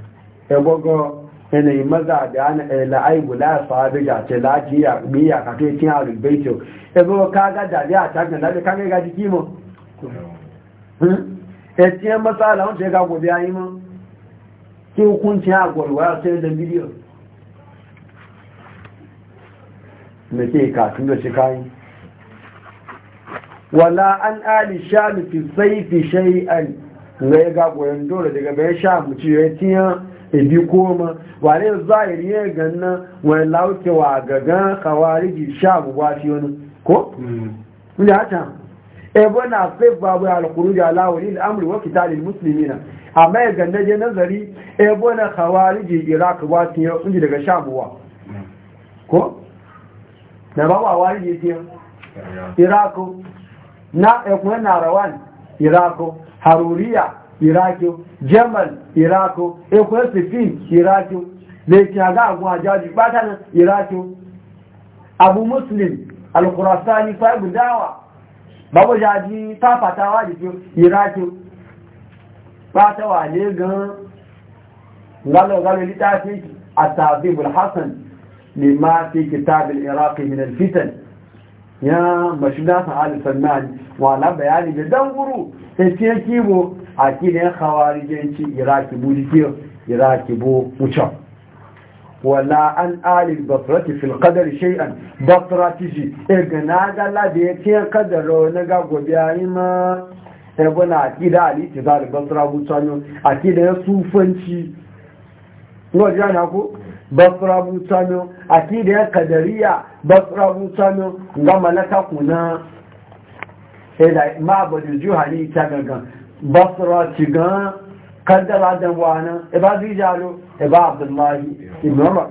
e gogo yanayi maza da ana la'aibu la sahabi ya ce lajiya miya ka kai cin alul baito e gogo kaga da a ta kan da kaga ga jiki mu ẹ̀tí matsala wọ́n ya gagwọ̀ bí ayé mọ́ kí hukuncin agwọ̀rọ̀wà ya tẹ́ da miliyon na ke kafin da shi kayan wala an ali shami fi saifi shay'an ga ya gagwọ̀rin dole daga bayan shamu ci ya tiya ibi koma wale zahiri ya ganna wani lauke laukewa gagan kawariji shamu ba shi wani ko? wani mm. hata ebona fefa bai alkuruji alawali al'amuri wa kitalin musulmi na amma ya gandaje nazari ebe na khawariji iraq ba su yi kunji daga shabuwa ko? na ba wa wari je tiyan iraq na ekun narawan iraq haruriya iraq jamal iraq ekun sifin iraq laifi ga agun ajaji batanin iraq abu muslim al-kurasani fa'ibun dawa babu jaji ta fatawa da iraki fatawa ne gan galo-galo littafi a hassan ne ma fi kitabin iraki min alfitan ya mashiga sa'adu sannan wala bayani da dan guru sai ce kibo a kinin hawarijanci iraki bu jikiyar iraki bu wucan wala an alil basrati fil qadari shay'an basrati ji igna ga la da yake kadaro na ga gobiyayi ma ebo na akida ali ti da basra butanyo akida ya sufanci no ji ana ko basra butanyo akida ya kadariya basra butanyo ga malaka kuna sai da ma badu juhali ta gangan basra ci gan kaddara da wani e ba zai jalo e ba abdullahi ibn umar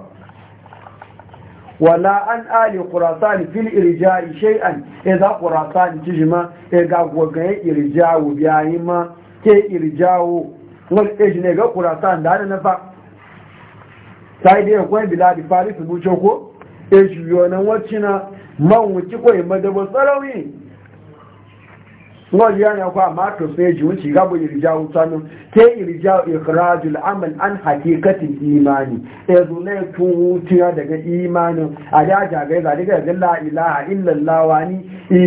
wala an ali qurasan fil irja'i shay'an idza e qurasan tijma e ga gogaye irja'u biyayi ma ke irja'u wal ejne ga qurasan da na fa sai dai akwai biladi faris bucho ko ejiyo nan wacina man wuci ko madaba sarawi wọ́n yíya yẹn kọ́ àmà tó fẹ́ jù ń ti gábọ̀ ìrìjá òtánú tẹ́ ìrìjá ìkìrájù al'amal an hakikatin imani ẹ̀rù náà tún wú tí wọ́n daga imani àdájà gẹ́gẹ́ daga gẹ́gà láìláà ilẹ̀ láwa ní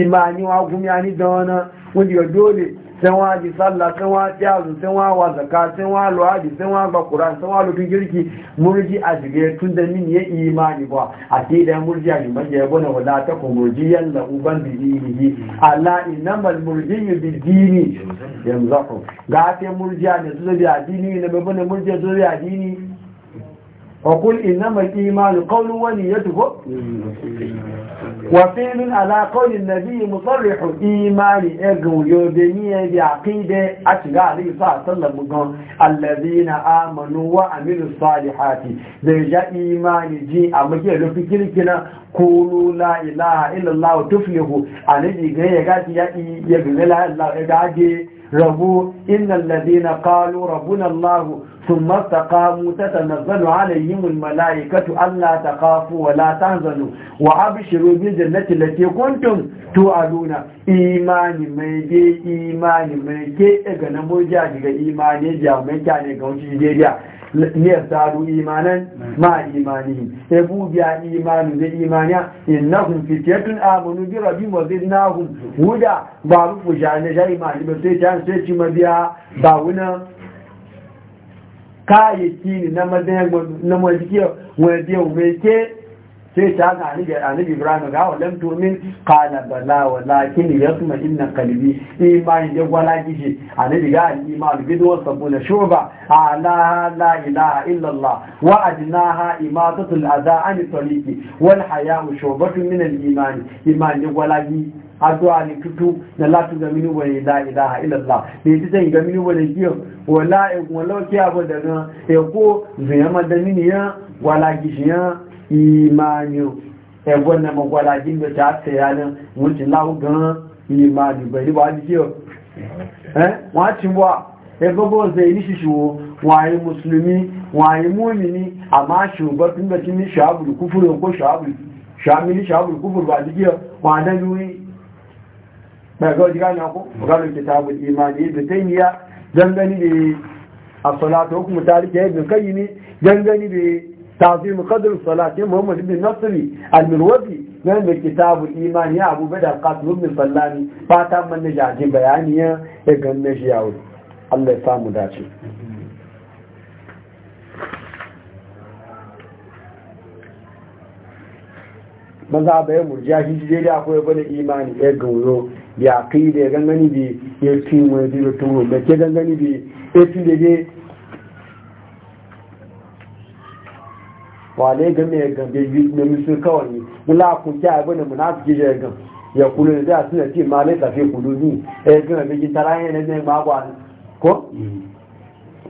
imani wa gúnmí sai wa ji sallah sai wa tiyazu sai wa wa zakka sai wa luwaji sai wa ba qur'an sai wa lutun girki murji a jige tun da min ya imani ba a ce da murji a jige ya bona wala ta ku murji yalla uban bi dinihi ala innamal murji bi dini yanzahu ga ta murji ne su da dini ne ba bona murji su da dini وقل إنما الإيمان قول وليته وفي من على قول النبي مصرح إيمان إغو يودنية بعقيدة أتلا عليه صلى الله عليه وسلم الذين آمنوا وعملوا الصالحات ذي إيمان جي أما جي لفكر كنا قولوا لا إله إلا الله وتفلحوا عليه جي يغاتي يغلل الله إغاجي ربو إن الذين قالوا ربنا الله ثم استقاموا تتنزل عليهم الملائكة ألا تخافوا ولا تنزلوا وأبشروا بالجنة التي كنتم توعدون إيمان ميجي إيمان ميجي إيمان ميجي إيمان ميجي إيمان ميجي إيمان ميجي ne saru imanan ma imanihim ebu biya imanu zai imaniya innahum fitiyatun amanu bi rabbihim wa zidnahum huda ba rufu jani jani ma ibn sai sai ci mabiya ba wuna kayayyaki ne na majiya wadda yau mai ke sai ta ga anibi ibrahim ga walam turmin qala bala ya kuma inna qalbi iman ya gwala gishi anibi ga iman bidu wa na shuba ala la ilaha illa illallah. wa adnaha imatatu al adha an wal haya mu min minan iman iman da gwala gishi addu'a ne fito na latu ga mini wani la ilaha illallah ne ji zan ga mini wani giyo wala in e- wala ki abu da na ya e ko zuya ma da mini ya wala gishi ya imani ya e gwanna ma wala gin da ta ta ya nan mutum lahu ga imani bai ba ji giyo eh wa ci wa ya gogo zai ni shi shiwo waye musulmi waye mumini amma shugaba tun da kin shabu kufuru ko shabu shamili shabu kufuru ba ji giyo wa da duwi ba ga wajen gane ku ƙwararru ke ta buɗe ma jangani da yi a salata hukumu ta rike yadda kai ne jangani da yi tafi mu kadar salata yin muhammadu bin nasiri almirwabi ganin da ke ta buɗe ma ne abubuwa da kasu hukumu sallani fata man na jajin bayani ya ganin na shi dace maza bayan murjiya shi je da akwai bane imani ya gauro ya kai da gangani bi ya tun wani bi ya tun da ke gangani bi ya tun da ke wale ga mai gambe bi na musu kawai mula ku kya bane munafiki je gan ya ya kulu da suna ce ma lai tafi kudu ni eh gina bi tarayen ne ne ma gwa ko mm.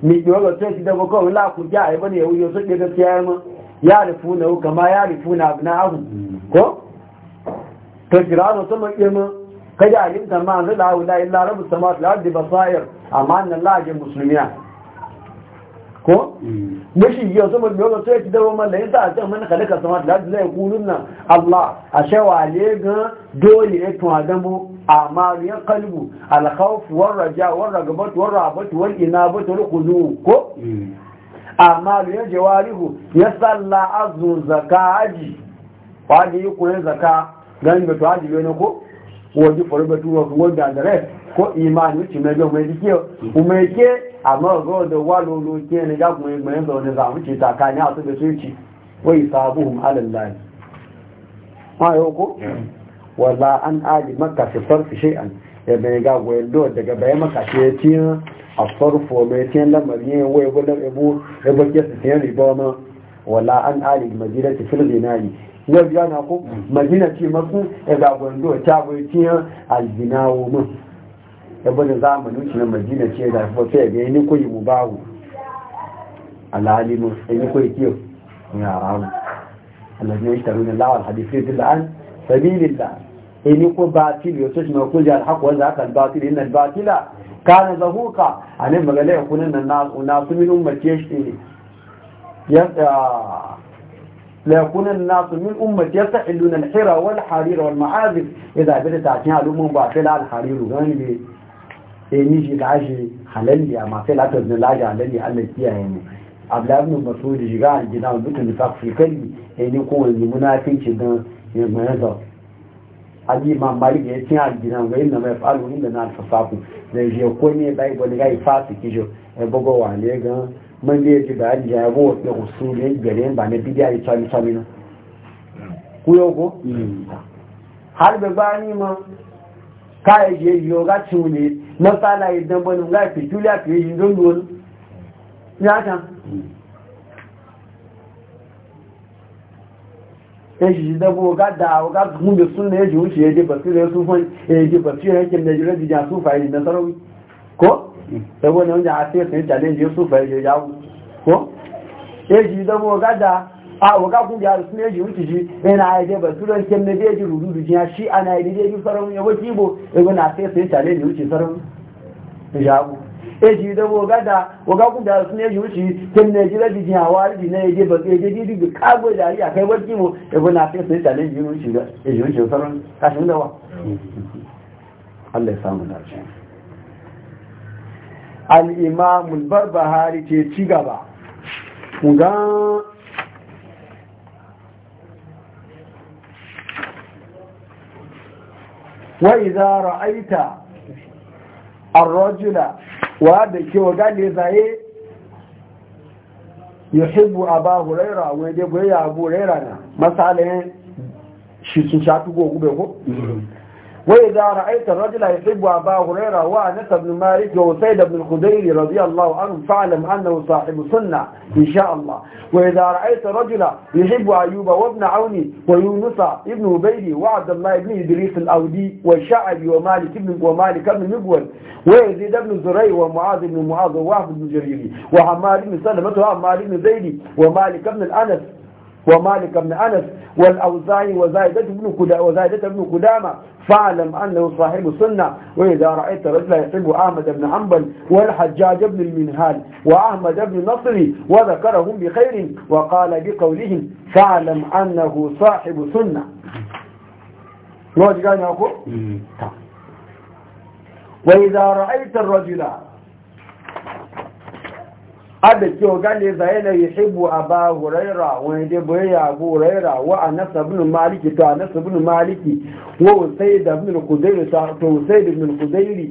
mi yo ga ce da ko ko la ku kya ya bane ya wuyo so ke ga ma. ya rufu na kama ya rufu na abu na ahu ko? ta firano sama ƙirma kada alimta ma na la'ula illa rabu sama la'adda basair amma na la'ajin musulmiya ko? mashi yau sama biyo ga sai ki dawo mallayin sa a can mana kalaka sama la'adda zai kunun nan Allah a shawale ga dole ya tun adamu amma ya kalbu alkhawf war raja war ragabatu war rabatu wal inabatu wal ko? amma da ya jawarihu ya salla azun zaka aji kwaje yi koyon zaka ganin da tuwaji bai na ko wajen farubatu wasu wanda da rai ko imani wuce na jau mai jike umarke amma ga wanda walolo ke ne ya kuma yi mai zaune zamu ce takani a su da su ci wai sabuhun alallahi ma yau ko wala an aji maka fi farfi shay'an ya bai ga goyon daga bayan maka ce ya asarfo mai tiyan lamari yin wai gudan ebo ebo kesa tiyan riba ma wala an ari majina ti fil zinani ne biya na ko majina ci maku e ga gondo ta bai tiyan aljinawo mun ebo da zamanin shi na majina ce da fa sai ga ni koyi mu bawo alalimu ni koyi kiyo ya rabu alladhina yashtaruna lawa alhadith fi dhil'an sabilillah ini ko batil yo sai na kuja alhaq wa zaka albatil inna albatila kana zahuqa anan magale kunan nan na su min ummati shi ya لا يكون الناس من أمة يستحلون الحرى والحرير والمعازف إذا بدأت عشان علوم باطلة الحرير وغنبي نيجي العجي حلالي أما في العطر من العجي حلالي على الكيا يعني عبد ابن مسعود جيغان جدا بيت النفاق في كلمة يعني يكون المنافق جدا يمنظر Adi mam bali genye eh, ti ak di nan, wè yon nan wè, al wè yon nan al sa fapou. Zè yon kwenye bè yon gwenye gwa yon fati ki yon, e bo gwa wan le gen, mwenye yon ki bè an, jan yon gwenye gwenye gwenye gwenye gwenye, banye pi di a yon chali chali nan. Kwenye wè gwenye, mwenye yon. Al wè gwa an yon man, kwa yon gen yon, yon gwa tsouni, mwenye yon kwenye yon, mwenye yon, mwenye yon, mwenye yon, eji dabo ga da ga mun da sunna eji wuce eji basira su fon eji basira yake da jira da su fa eji da sarawi ko sabo hmm. ne wanda a sai sai challenge su fa eji ya ko eji dabo ga da a waga kun da sunna eji wuce ji ina e eji basira yake da eji rududu ji shi ana eji eji sarawi ya wuce bo ego na sai sai challenge wuce sarawi ya ko eji da woga da woga kun da sun eji wuci kin ne jira bi wari bi ne eji ba eji di bi kago da ya kai wani mu e bana sai sai da eji wuci da eji wuci sanan ka shin Allah ya samu dace al-imam al-barbahari ce ci gaba Mun ga Wa وإذا رأيت الرجل wadda ke wa gane zaye ya hibu a ba huraira wadda ya abu huraira na masalin shi sun shafi gogu bai ko وإذا رأيت الرجل يحب أبا هريرة وأنس بن مالك وسيد بن الخدير رضي الله عنه فاعلم أنه صاحب سنة إن شاء الله وإذا رأيت الرجل يحب أيوب وابن عون ويونس ابن عبيد وعبد الله بن إدريس الأودي والشعبي ومالك بن ومالك بن مقول ويزيد بن زري ومعاذ بن معاذ وواحد بن جرير وعمار بن سلمة وعمار بن زيد ومالك بن الأنس ومالك بن أنس والأوزاعي وزايدة بن وزايدة بن قدامة فاعلم أنه صاحب السنة وإذا رأيت رجلا يحب أحمد بن حنبل والحجاج بن المنهال وأحمد بن نصري وذكرهم بخير وقال بقولهم فاعلم أنه صاحب سنة طيب. وإذا رأيت الرجل adake ogane zaina yuhibbu aba huraira wani dai bai ya abu huraira wa anas ibn malik to anas ibn malik wa usayd ibn qudayr to usayd ibn qudayr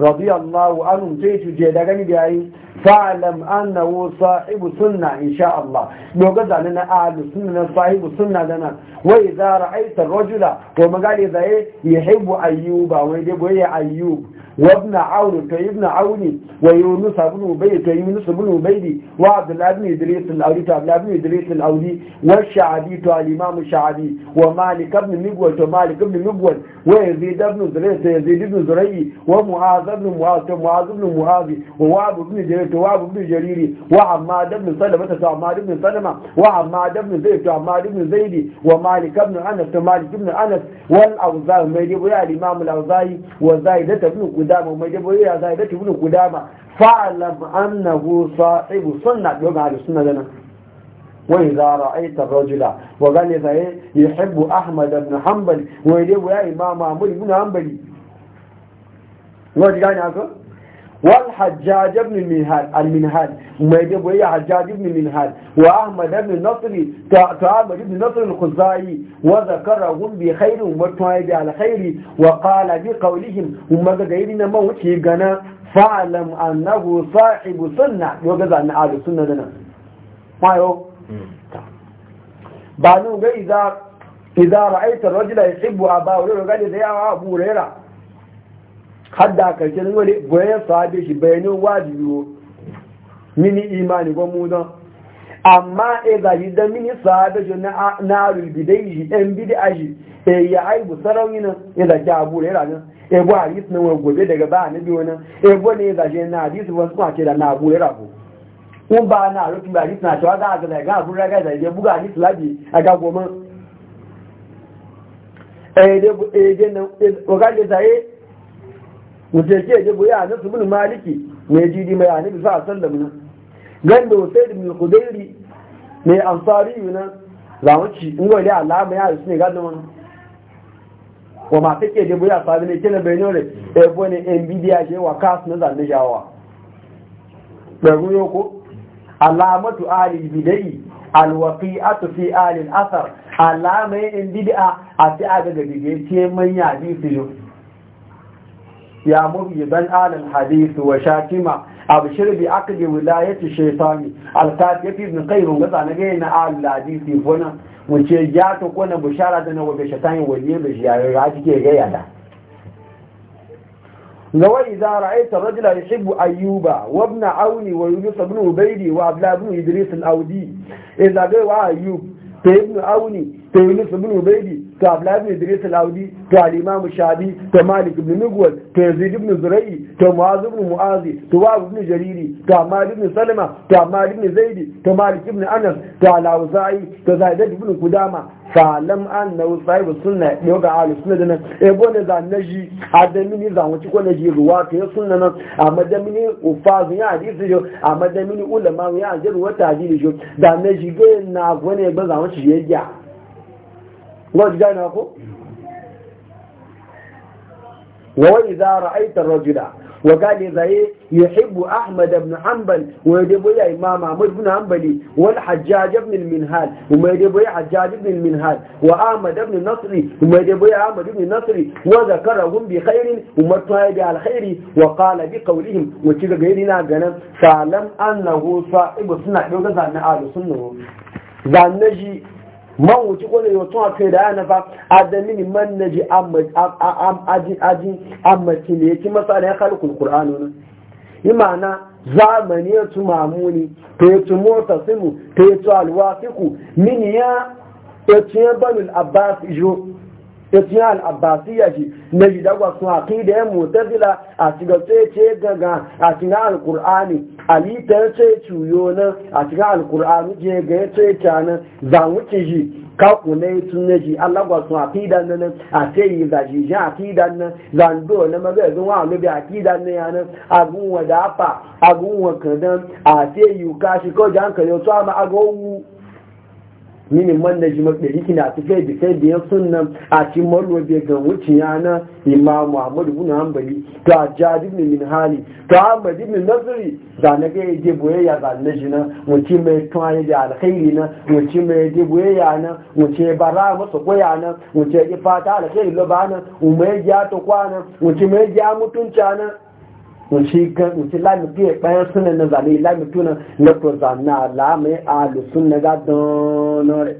radiyallahu anhu sai je da gani da yayi fa'lam annahu sahibu sunna insha Allah doga zanin na ahlu sunna na sahibu sunna dana wa idza ra'aita ar-rajula wa magali zai e yuhibbu ayyuba wani dai bai ya ayyub وابن عون كابن عون ويونس بن عبيد كيونس بن عبيد وعبد الله بن ادريس الاولي عبد الله بن ادريس الاولي والشعبي الامام الشعبي ومالك بن مقول ومالك بن مقول ويزيد بن زريع يزيد بن زريع ومعاذ بن معاذ معاذ بن معاذ ووعب بن جرير وعب بن جرير وعماد بن سلمة وعماد بن سلمة وعماد بن زيد وعماد بن زيد ومالك بن انس ومالك بن انس والاوزاعي ما يجيب الامام الاوزاعي وزايدة بن kudama mai jabo ya zai da tibnu kudama fa'lam annahu sa'ibu sunna da ga sunna nan wa idza ra'aita rajula wa gani sai yuhibbu ahmad ibn hanbal wa yadi ya imama ahmad ibn hanbali wa gani aka والحجاج بن منهال المنهال ما يجيبوا هي حجاج بن منهال واحمد بن نصر تعامل بن نصر الخزائي وذكرهم بخير ومتوعد على خير وقال بقولهم وما غيرنا ما وكي غنا فعلم انه صاحب سنه وقال أن اهل السنه لنا ما بانو بعدين اذا إذا رأيت الرجل يحب أبا هريرة قال إذا يا ابو هريرة hadda karshen wani goyon sahabe shi bayanin mini imani ko amma e zaji da mini sahabe shi na narul bidai shi ɗan bidai shi e ya aibu sarauni nan e zaji abu da ebo gobe daga ba e na biyu nan ebo zaji na wasu da na abu ya rabu kun na rufin ba na cewa za a ga daga abu raga da ya buga labi ga goma e dai e ga wuce ya je boye a nasu bin maliki mai jidi mai anabi sa sallam nan sai da bin khudairi mai ansari nan zamuci in go da alama ya su ne gadon wannan wa ma take je boye a sabi ne kina bai nore e bone en bidiya je wa kas na zanne jawa da ruyo ko alamatu ali bidai alwaqi'atu fi ali al-athar alama en bid'a a ti aga ga dige ce manya bi su ya ban alal hadisu, wa abu abshir aka aqli wilayati shaytani al ya fi qayyim ga zanage na al-hadith wannan wuce ya to kona bushara da na gobe shaytani waliye da ya yada لو إذا رأيت الرجل يحب أيوب وابن عون ويونس بن عبيد وعبد الله إدريس الأودي إذا جاء أيوب Auni, عون يونس بن to Abdullahi ibn Idris al-Audi to al-Imam Shabi to Malik ibn Mugwal to Yazid ibn Zura'i to Muaz ibn Muazi to Wahb ibn Jariri to Ahmad ibn Salama to Ahmad ibn Zaid to Malik ibn Anas to Al-Auza'i to Zaid ibn Qudama an lam annahu sahibu sunna yo ga ahli sunna dana e eh, bone za naji adamini za wuci ko naji ruwa ka ya sunna nan amma da mini ufazu ya hadisi yo amma da mini ulama ya ajiru wata hadisi yo da naji ga na gone ba za wuci ya loj gayna ko wa idha ra'aita ar-rajula wa qali zai yuhibbu ahmad ibn hanbal wa yadibu ya imama ahmad ibn hanbal wal hajjaj ibn al-minhal wa yadibu ya hajjaj ibn al-minhal wa ahmad ibn nasri wa yadibu ya ahmad ibn nasri wa dhakarahum bi khairin wa tawaja al-khairi wa qala bi qawlihim wa kiga gairina ganan salam annahu sa'ibu sunna dogan zanna ahlus sunna zannaji man wuce ko ne mutum ake da yana fa a ne man na ji ajin ne ci masa da ya kalli kulkur'anu nan yi ma'ana zamani ya tu mamuni ta ya tu mota simu ta ya tu alwafiku mini ya ya tu ya banul abbas ijo tafiyan al'abbasiyya shi na jidagwa sun haƙi da yan mutazila a shiga ce gaga a shiga alƙur'ani a litar ce cuyo nan a shiga alƙur'ani je ga ya ce canan zamuci shi kakune sun ne shi allah gwa sun haƙi yi na yi kashi mini man na ji maɗari na su kai da kai sunan a cikin marwa bai ga wuce yana imam muhammad ibn hanbali to a jadi ibn min hali to ahmad min nazari da na ga yaje boyayya da na ji na wuce mai tuwaye da alkhairi na wuce mai yaje boyayya na wuce bara masa koya na wuce ifata alkhairi lobana umar ya to kwana wuce mai ya mutunta na nci lami biya bayan sunan na zane lami tunan na kurza na lamai alu sunna ga donore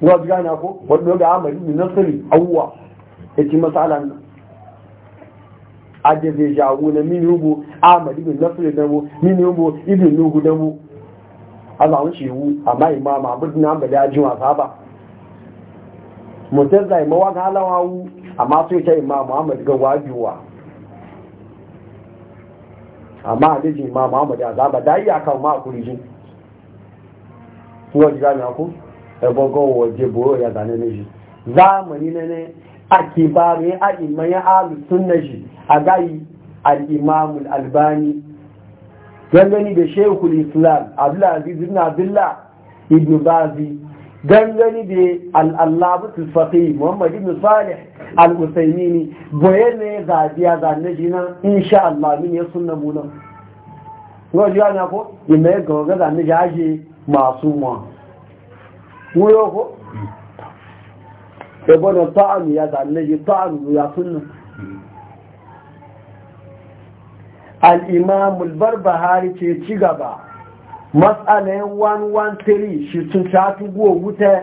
wa ji gana ko wadda ga amari ne na sirri awuwa ya ci masala na aje zai jawo na mini ubu amari ne na sirri na mu mini ubu ibi nuhu na bu Allah wuce wu amma imama abin na ambali ya ji wasa ba mutum zai mawa ga halawa wu amma yi ta imama Muhammad ga wajiwa amma jirgin ma muhammadu azaba da yi aka ma kuri jin kuwa jira ya ku ẹgbọgbọ waje boro ya zane na shi zamani na ne ake bare a alu sun na shi a gayi al'imamul albani gangani da shekul islam abdulaziz zina Abdullahi, ibn bazi gangani da al'allabu tulfaƙi muhammadu bin salih al'usaimini boye ne zabiya zane jina insha Allah min ya sunna muna ga jiya na ko inda ya ga zane jaje masu ma wuyo ko ebo na ta'amu ya zane ji ta'amu ya sunna al-imam al-barbahari ce ci gaba matsalin 113 shi sun sha tuguwa wuta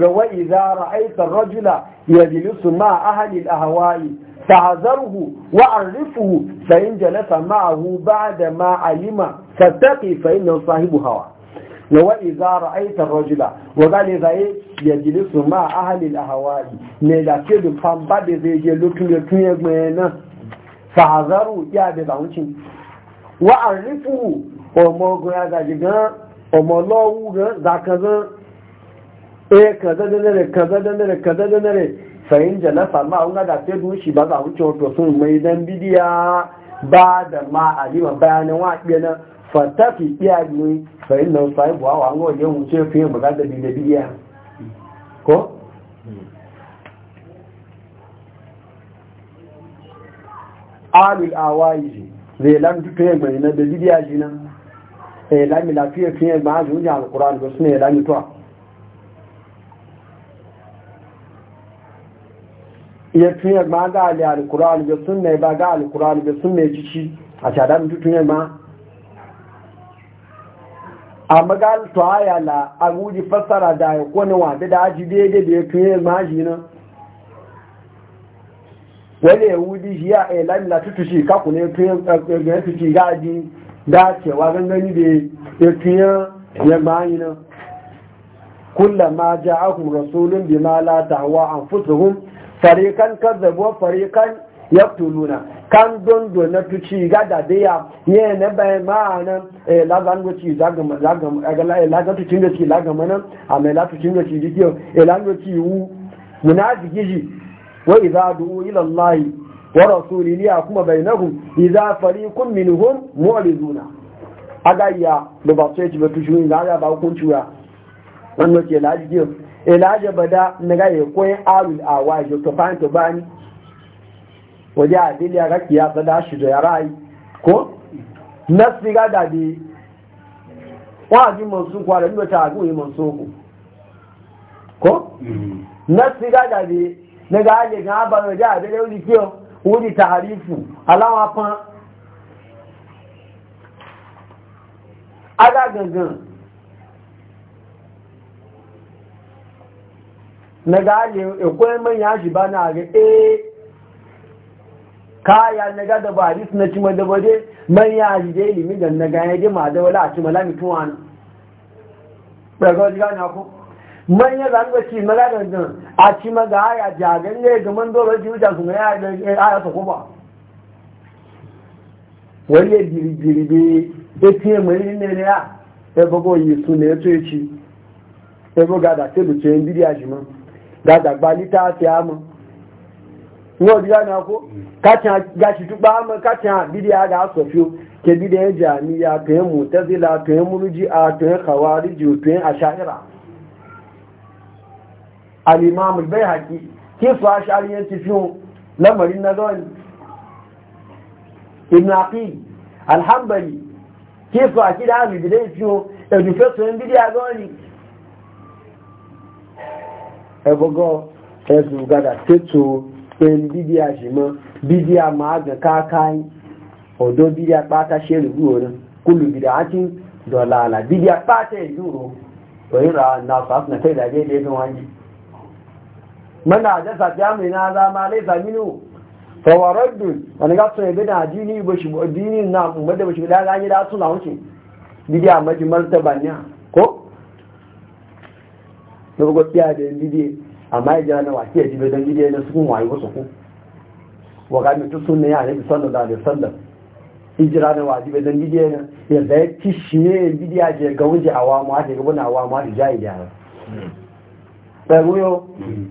ga wa'i za a ra'aita rajula ya bili su ma a halil a hawaii ta hazarhu wa an rufu sayin jalasa ma'ahu ba da ma'alima sattaki sayin nan sahibu hawa wa wa'i za a ra'aita rajula wa zane zaye ya bili su ma a halil a hawaii mai lafiya da famba da zai je tun ya tunye mai nan hazaru ya da zaunci wa an ọmọ ogun agàjì gan ọmọ lọ́wọ́ gan zakazan e kazandanare da kazandanare fahim jalafa ma an gada sai dun shi ba za wuce wato sun mai dan bidiya ba da ma alima bayanan wa ɗaya fatafi iya ne fahim na àwọn wa an gawa yau wuce fiye magana da bidiya ko alul awayi zai lamtu ta mai na da bidiya shi nan eh lami lafiya fiye ma zuwa alkur'ani suna sune lami to ya fiye ma ga ali alkur'ani suna sune ba ga alkur'ani ba sune cici a tada mutu tunye ma a magal to aya la a guji fassara da ya kone wanda da aji daidai da ya tunye ma shi nan wani yahudi shi ya eh lami la tutu shi kakune tunye eh, eh, ga aji dacewa gangani da ya fiye ya bayi nan kula ma ja ahun rasulun bi ma la tawa an fusuhun farikan kazzabuwa farikan ya tuluna kan dondo na tuci ga da daya ya na bayan ma'ana eh, lazan goci zagama lazan tucin da ci lagama nan a mai latucin da ci jikiyar ilan eh, goci wu munafiki ji wa iza du'u ila allahi wa rasuli liya kuma bainahum idza fariqun minhum mu'riduna aga ya da ba sai ci batu shuni da ba hukunci ya wannan ke laji ilaje bada na ga ya koyi awil awaje to fa to bani waje adili ga kiyasa da shi da yarai ko nasi ga da bi waji mansu kwa da mutata agun yi mansu ko mm-hmm. nasi ga da bi na ga aje ga ba da owó ní tààrífù aláwọ̀ apán agágangan nagaye akwai manyan shi ba na ga eh kaya na ga da bari na ci madabade manya shi da da na ga ya ji ma da wala a ci malamitin wani ɓargar jiga na ku manyan zangaci magagagin a ci maga aya jagen ne ga man doro ji wuta kuma ya aya ta kuma wani biribiri da ya fiye mai ne ne ya ya yi su ne ya ci ya ga da sai buce yin bidiya shi ma ga dagba lita ta ya ma wọ́n bí lánàá kó káàkiri gashi tukpa ama káàkiri bidiya ga asọ̀fíò ke bidiya jami'a tẹ́ mú tẹ́sílà tẹ́ múrújí a tẹ́ kàwárí jù tẹ́ àṣáírà al-imam al-bayhaqi ke su ash'ariyanci fiyo lamarin na gani ibn aqil al-hanbali ke su akida ahli bidai fiyo edufesun bidiya gani ẹgbogbo ẹzù gada tètò ẹn bídíà ṣìmọ́ bídíà ma gàn káàkáì odo bídíà pátá ṣe rú ọ̀rọ̀ Kulu bídíà á ti dọ̀là àlà bídíà pátá ìlú rọ̀ òyìnbó àwọn náà fàáfin àtẹ́lẹ̀ àjẹ́ من حدث في أمرنا هذا ما ليس منه فهو رد wani ga suna gina na dini ba shi dini na umar da ba shi da an yi da suna wuce bidiya maji martaba ne ko na bugu tsiya da bidiya amma ya jana wa ke jibe don bidiya na sun wayi wasu ku wa ga mutu sun ne ya ne sallallahu alaihi wasallam hijira na wajibe don bidiya na yadda ya ci shi ne bidiya je ga a awa mu ake gaba na awa mu ake jayi da ya. Hmm. Ɗaruyo, hmm.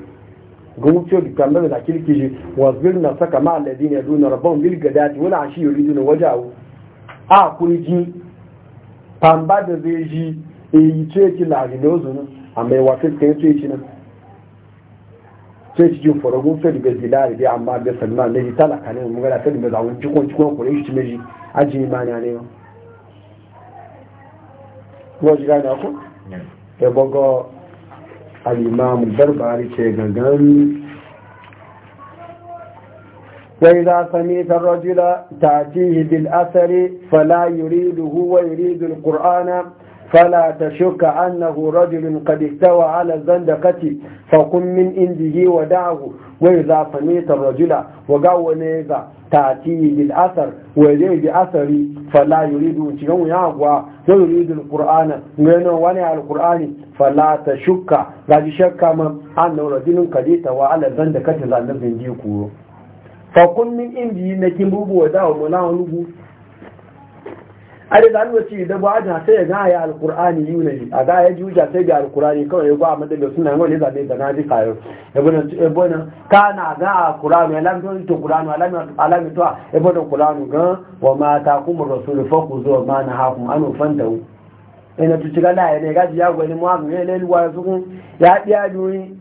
gumucho da tambaye da kirkiji wasbir na saka ma alladina yaduna rabbahum bil gadati wala ashi yuriduna wajahu a kuriji pamba da zai ji yi ce ki laginozu ne amma ya wasu kai ce ci nan sai ci jin faragun sai daga zilari dai amma da salman ne ji talaka ne mun gara sai daga zawon cikon cikon kore shi cime aji imani ne yau. Wajen gane ku? Ya bago الإمام البربري شيغان وإذا سميت الرجل تأتيه بالأثر فلا يريده ويريد القرآن فلا تشك أنه رجل قد استوى على الزندقة فقم من إنده ودعه وإذا سميت الرجل وقعوا نيزا تأتيه بالأثر وإذا بأثر فلا يريد انتقام يعقوى ويريد القرآن وإنه وانع القرآن فلا تشك لا تشك من أنه رجل قد استوى على الزندقة لأنه زنديكو فقم من عنده نكيم بوبو ملاه ملاعه ai da an wace da ba da sai ga ya alqur'ani yunani a ga ya juja sai ga alqur'ani kawai ya gwa madalla suna wani da bai ji kayo ibn ibn kana ga alqur'ani lam to to qur'ani lam alam to ibn qur'ani ga wa ma taqum rasul fa khuzu ma na nahakum an fantahu ina tu tiga la ne ga ya gwani mu an ne lelwa su ya diya duri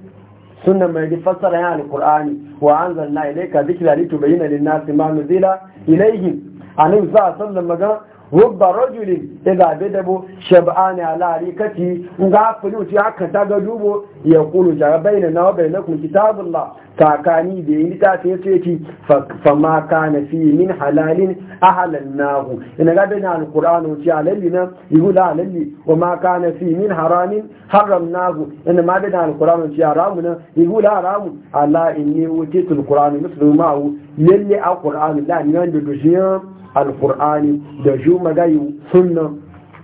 sunna mai fassara ya alqur'ani wa an anzalna ilayka dhikra litubayyana lin-nasi ma nuzila ilayhim anin za sallan magana rubba rajulin ya zabe dabo shab'ani ala rikati ga fulu haka aka taga dubo ya kulu ja bayna na wa bayna kun kitabullah takani da yi ta sai sai ci fa ma kana fi min halalin ahlalnahu ina ga bayna alqur'anu ci alalli na yula alalli wa ma kana fi min haramin haramnahu ina ma bayna alqur'anu a ramu na yula haramu ala inni utitul qur'anu mislu ma'u lalle alqur'anu da ni wanda dushiyan alkur'ani da ju magayu sunna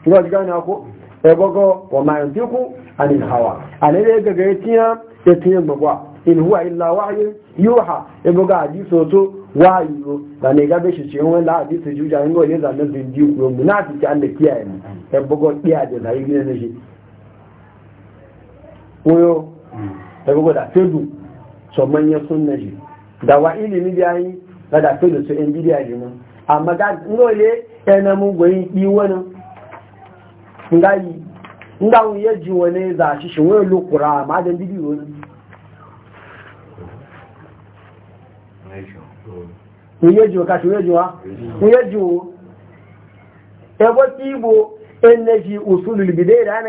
ga gane ko ya gogo wa ma yantiku anil hawa ale ga ga yatiya yatiya magwa in huwa illa wahyu yuha e gogo aji soto wahyu da ne ga shi ce wani ladi su juja ngo ne zan nan din ji ku munafiki Allah kiyaye mu e gogo diya da zai gina ne shi koyo ya buga da fedu so manyan sunna ji da wa ilimi da yi da da fedu su en bidiya ji mun amma ga ngole yana mun goyi yi ngayi nga wu ji wani za shi wani lukura ma da bibi wani wuye ji ka shi wuye ji wa wuye ji ebo ti e bo e usulul bidayra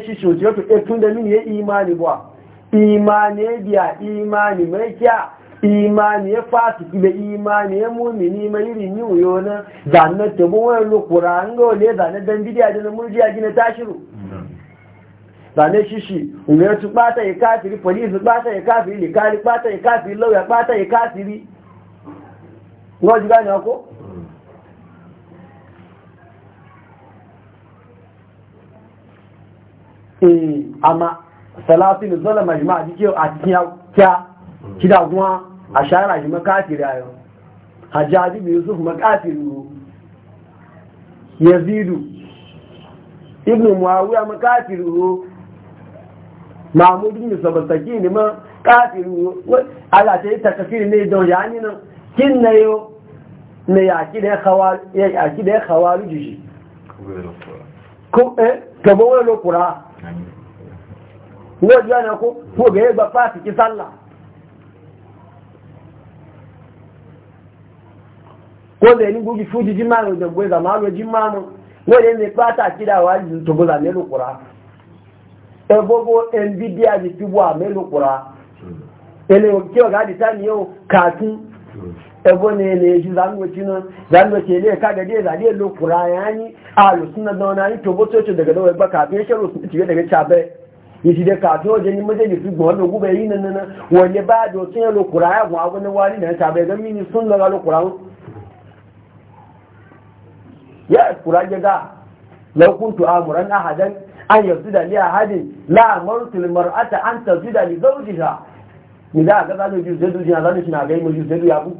shi shi e da mini imani imani imani mai kya imani ya fasiki da imani ya mumini mai irin yi wuyo na zanen tabo wani lokura an ga wale zanen dan bidiya da na murjiya gina tashiru zanen shishi umar su bata ya kafiri polisi bata ya kafiri likali bata ya kafiri lauya bata ya kafiri ngaji gani ako eh amma salatin zalama jima'a dike a cikin kya kida kuma a shara shi makafiri yau hajjaji bin yusuf makafiri ru yazidu ibn muawiya makafiri ru mahmudu bin sabataki ne ma kafiri ru ala ta yi takafiri ne don yani nan kin na yo ne yaki da ya khawaru jishi ko eh gaba wani lokura ko jiya na ko ko ga yi ba fasiki sallah ko da yin gugi fuji jimanu da gwai zama alo jimanu wani ne fata kida wa jin tubu za melu kura ebogo nvidia di tubu a melu kura ele oke oga di tani yau katu ebo ne ne shi zangoci nan zangoci ne ka ga dai zade lo kura yani a lusuna da wani tubu to daga da ba kafin shi lusuna tiye daga chabe yìí dẹ kàtó ọjọ́ ní méjèèjì fi gbọ́n lógún bẹ̀ yìí nana wọ̀nyẹ bá dọ̀ tí yẹn lókùrá ẹ̀wọ̀n àwọn ẹni wá ní nàìjíríà bẹ̀rẹ̀ mí ní sún lọ́la lókùrá wọn ya kura ya ga lau kuntu amuran ahadan an yanzu da ni ahadin la'amar silmar ata an tazu da ni zaujiha ni da ga zalu ji zedu ji azan shi na ga mu ji zedu ya bu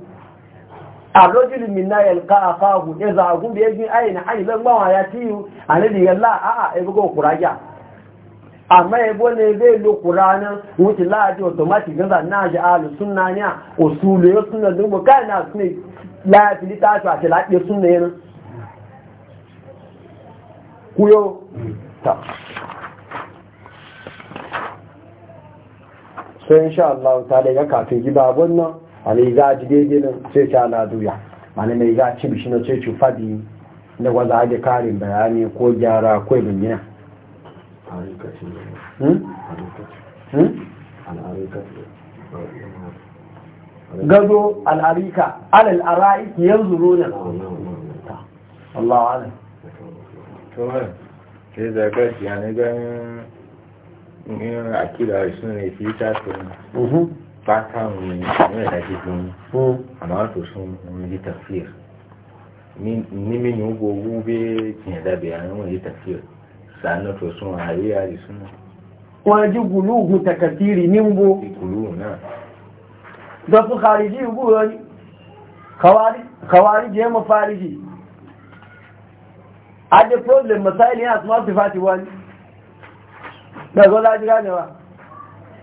arrojul minna yalqa aqahu idza hum bi ajin ayna ay lan ma wa yatiyu anadi yalla a a e bugo kura ya amma e bo ne ve lo kura na wuti la ji automatic ga na ji alu sunna ne usulu yo sunna dubu kana sunne la fili ta ta la ji sunne ne kuyo ta in sha Allah ta daga kafin gida wannan a alai za ji daidai nan sai ta na duya mana mai za ci bishi na sai ci fadi da a ake karin bayani ko gyara ko binyina hmm? hmm? gado al'arika alal yanzu ronan Allah wa'ala to sai zaga tiyanai ganin yin akida su ne fi fata da amma to sun yi tafiyar yi be da wani tafiyar to sun sun kasiri nimbo na da su ne kawari Ade problem misali ya su masu fati wani da zo laji ganewa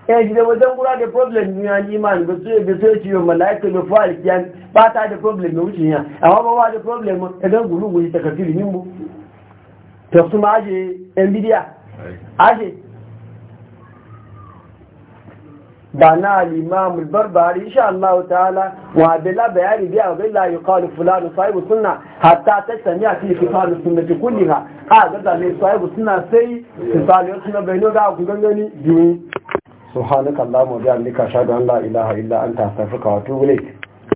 eh gida wajen kura da problem ne ya ji imani ba sai ba sai ciwo malaika da fa alkiyan ba ta da problem ne wuce ya amma ba ba da problem idan gulu gulu ta kafiri nimbo ta su ma aje nvidia aje ba na al'imamul barbari insha Allah ta'ala wa bila bayani bi a gaila da kawo da sahibu suna hatta ta sami a fiye fitalu suna fi ha a gaza mai sahibu suna sai fitalu suna bai no ga ku gangani biyu subhanakallahumma wa bihamdika ashhadu an la ilaha illa anta astaghfiruka wa atubu ilayk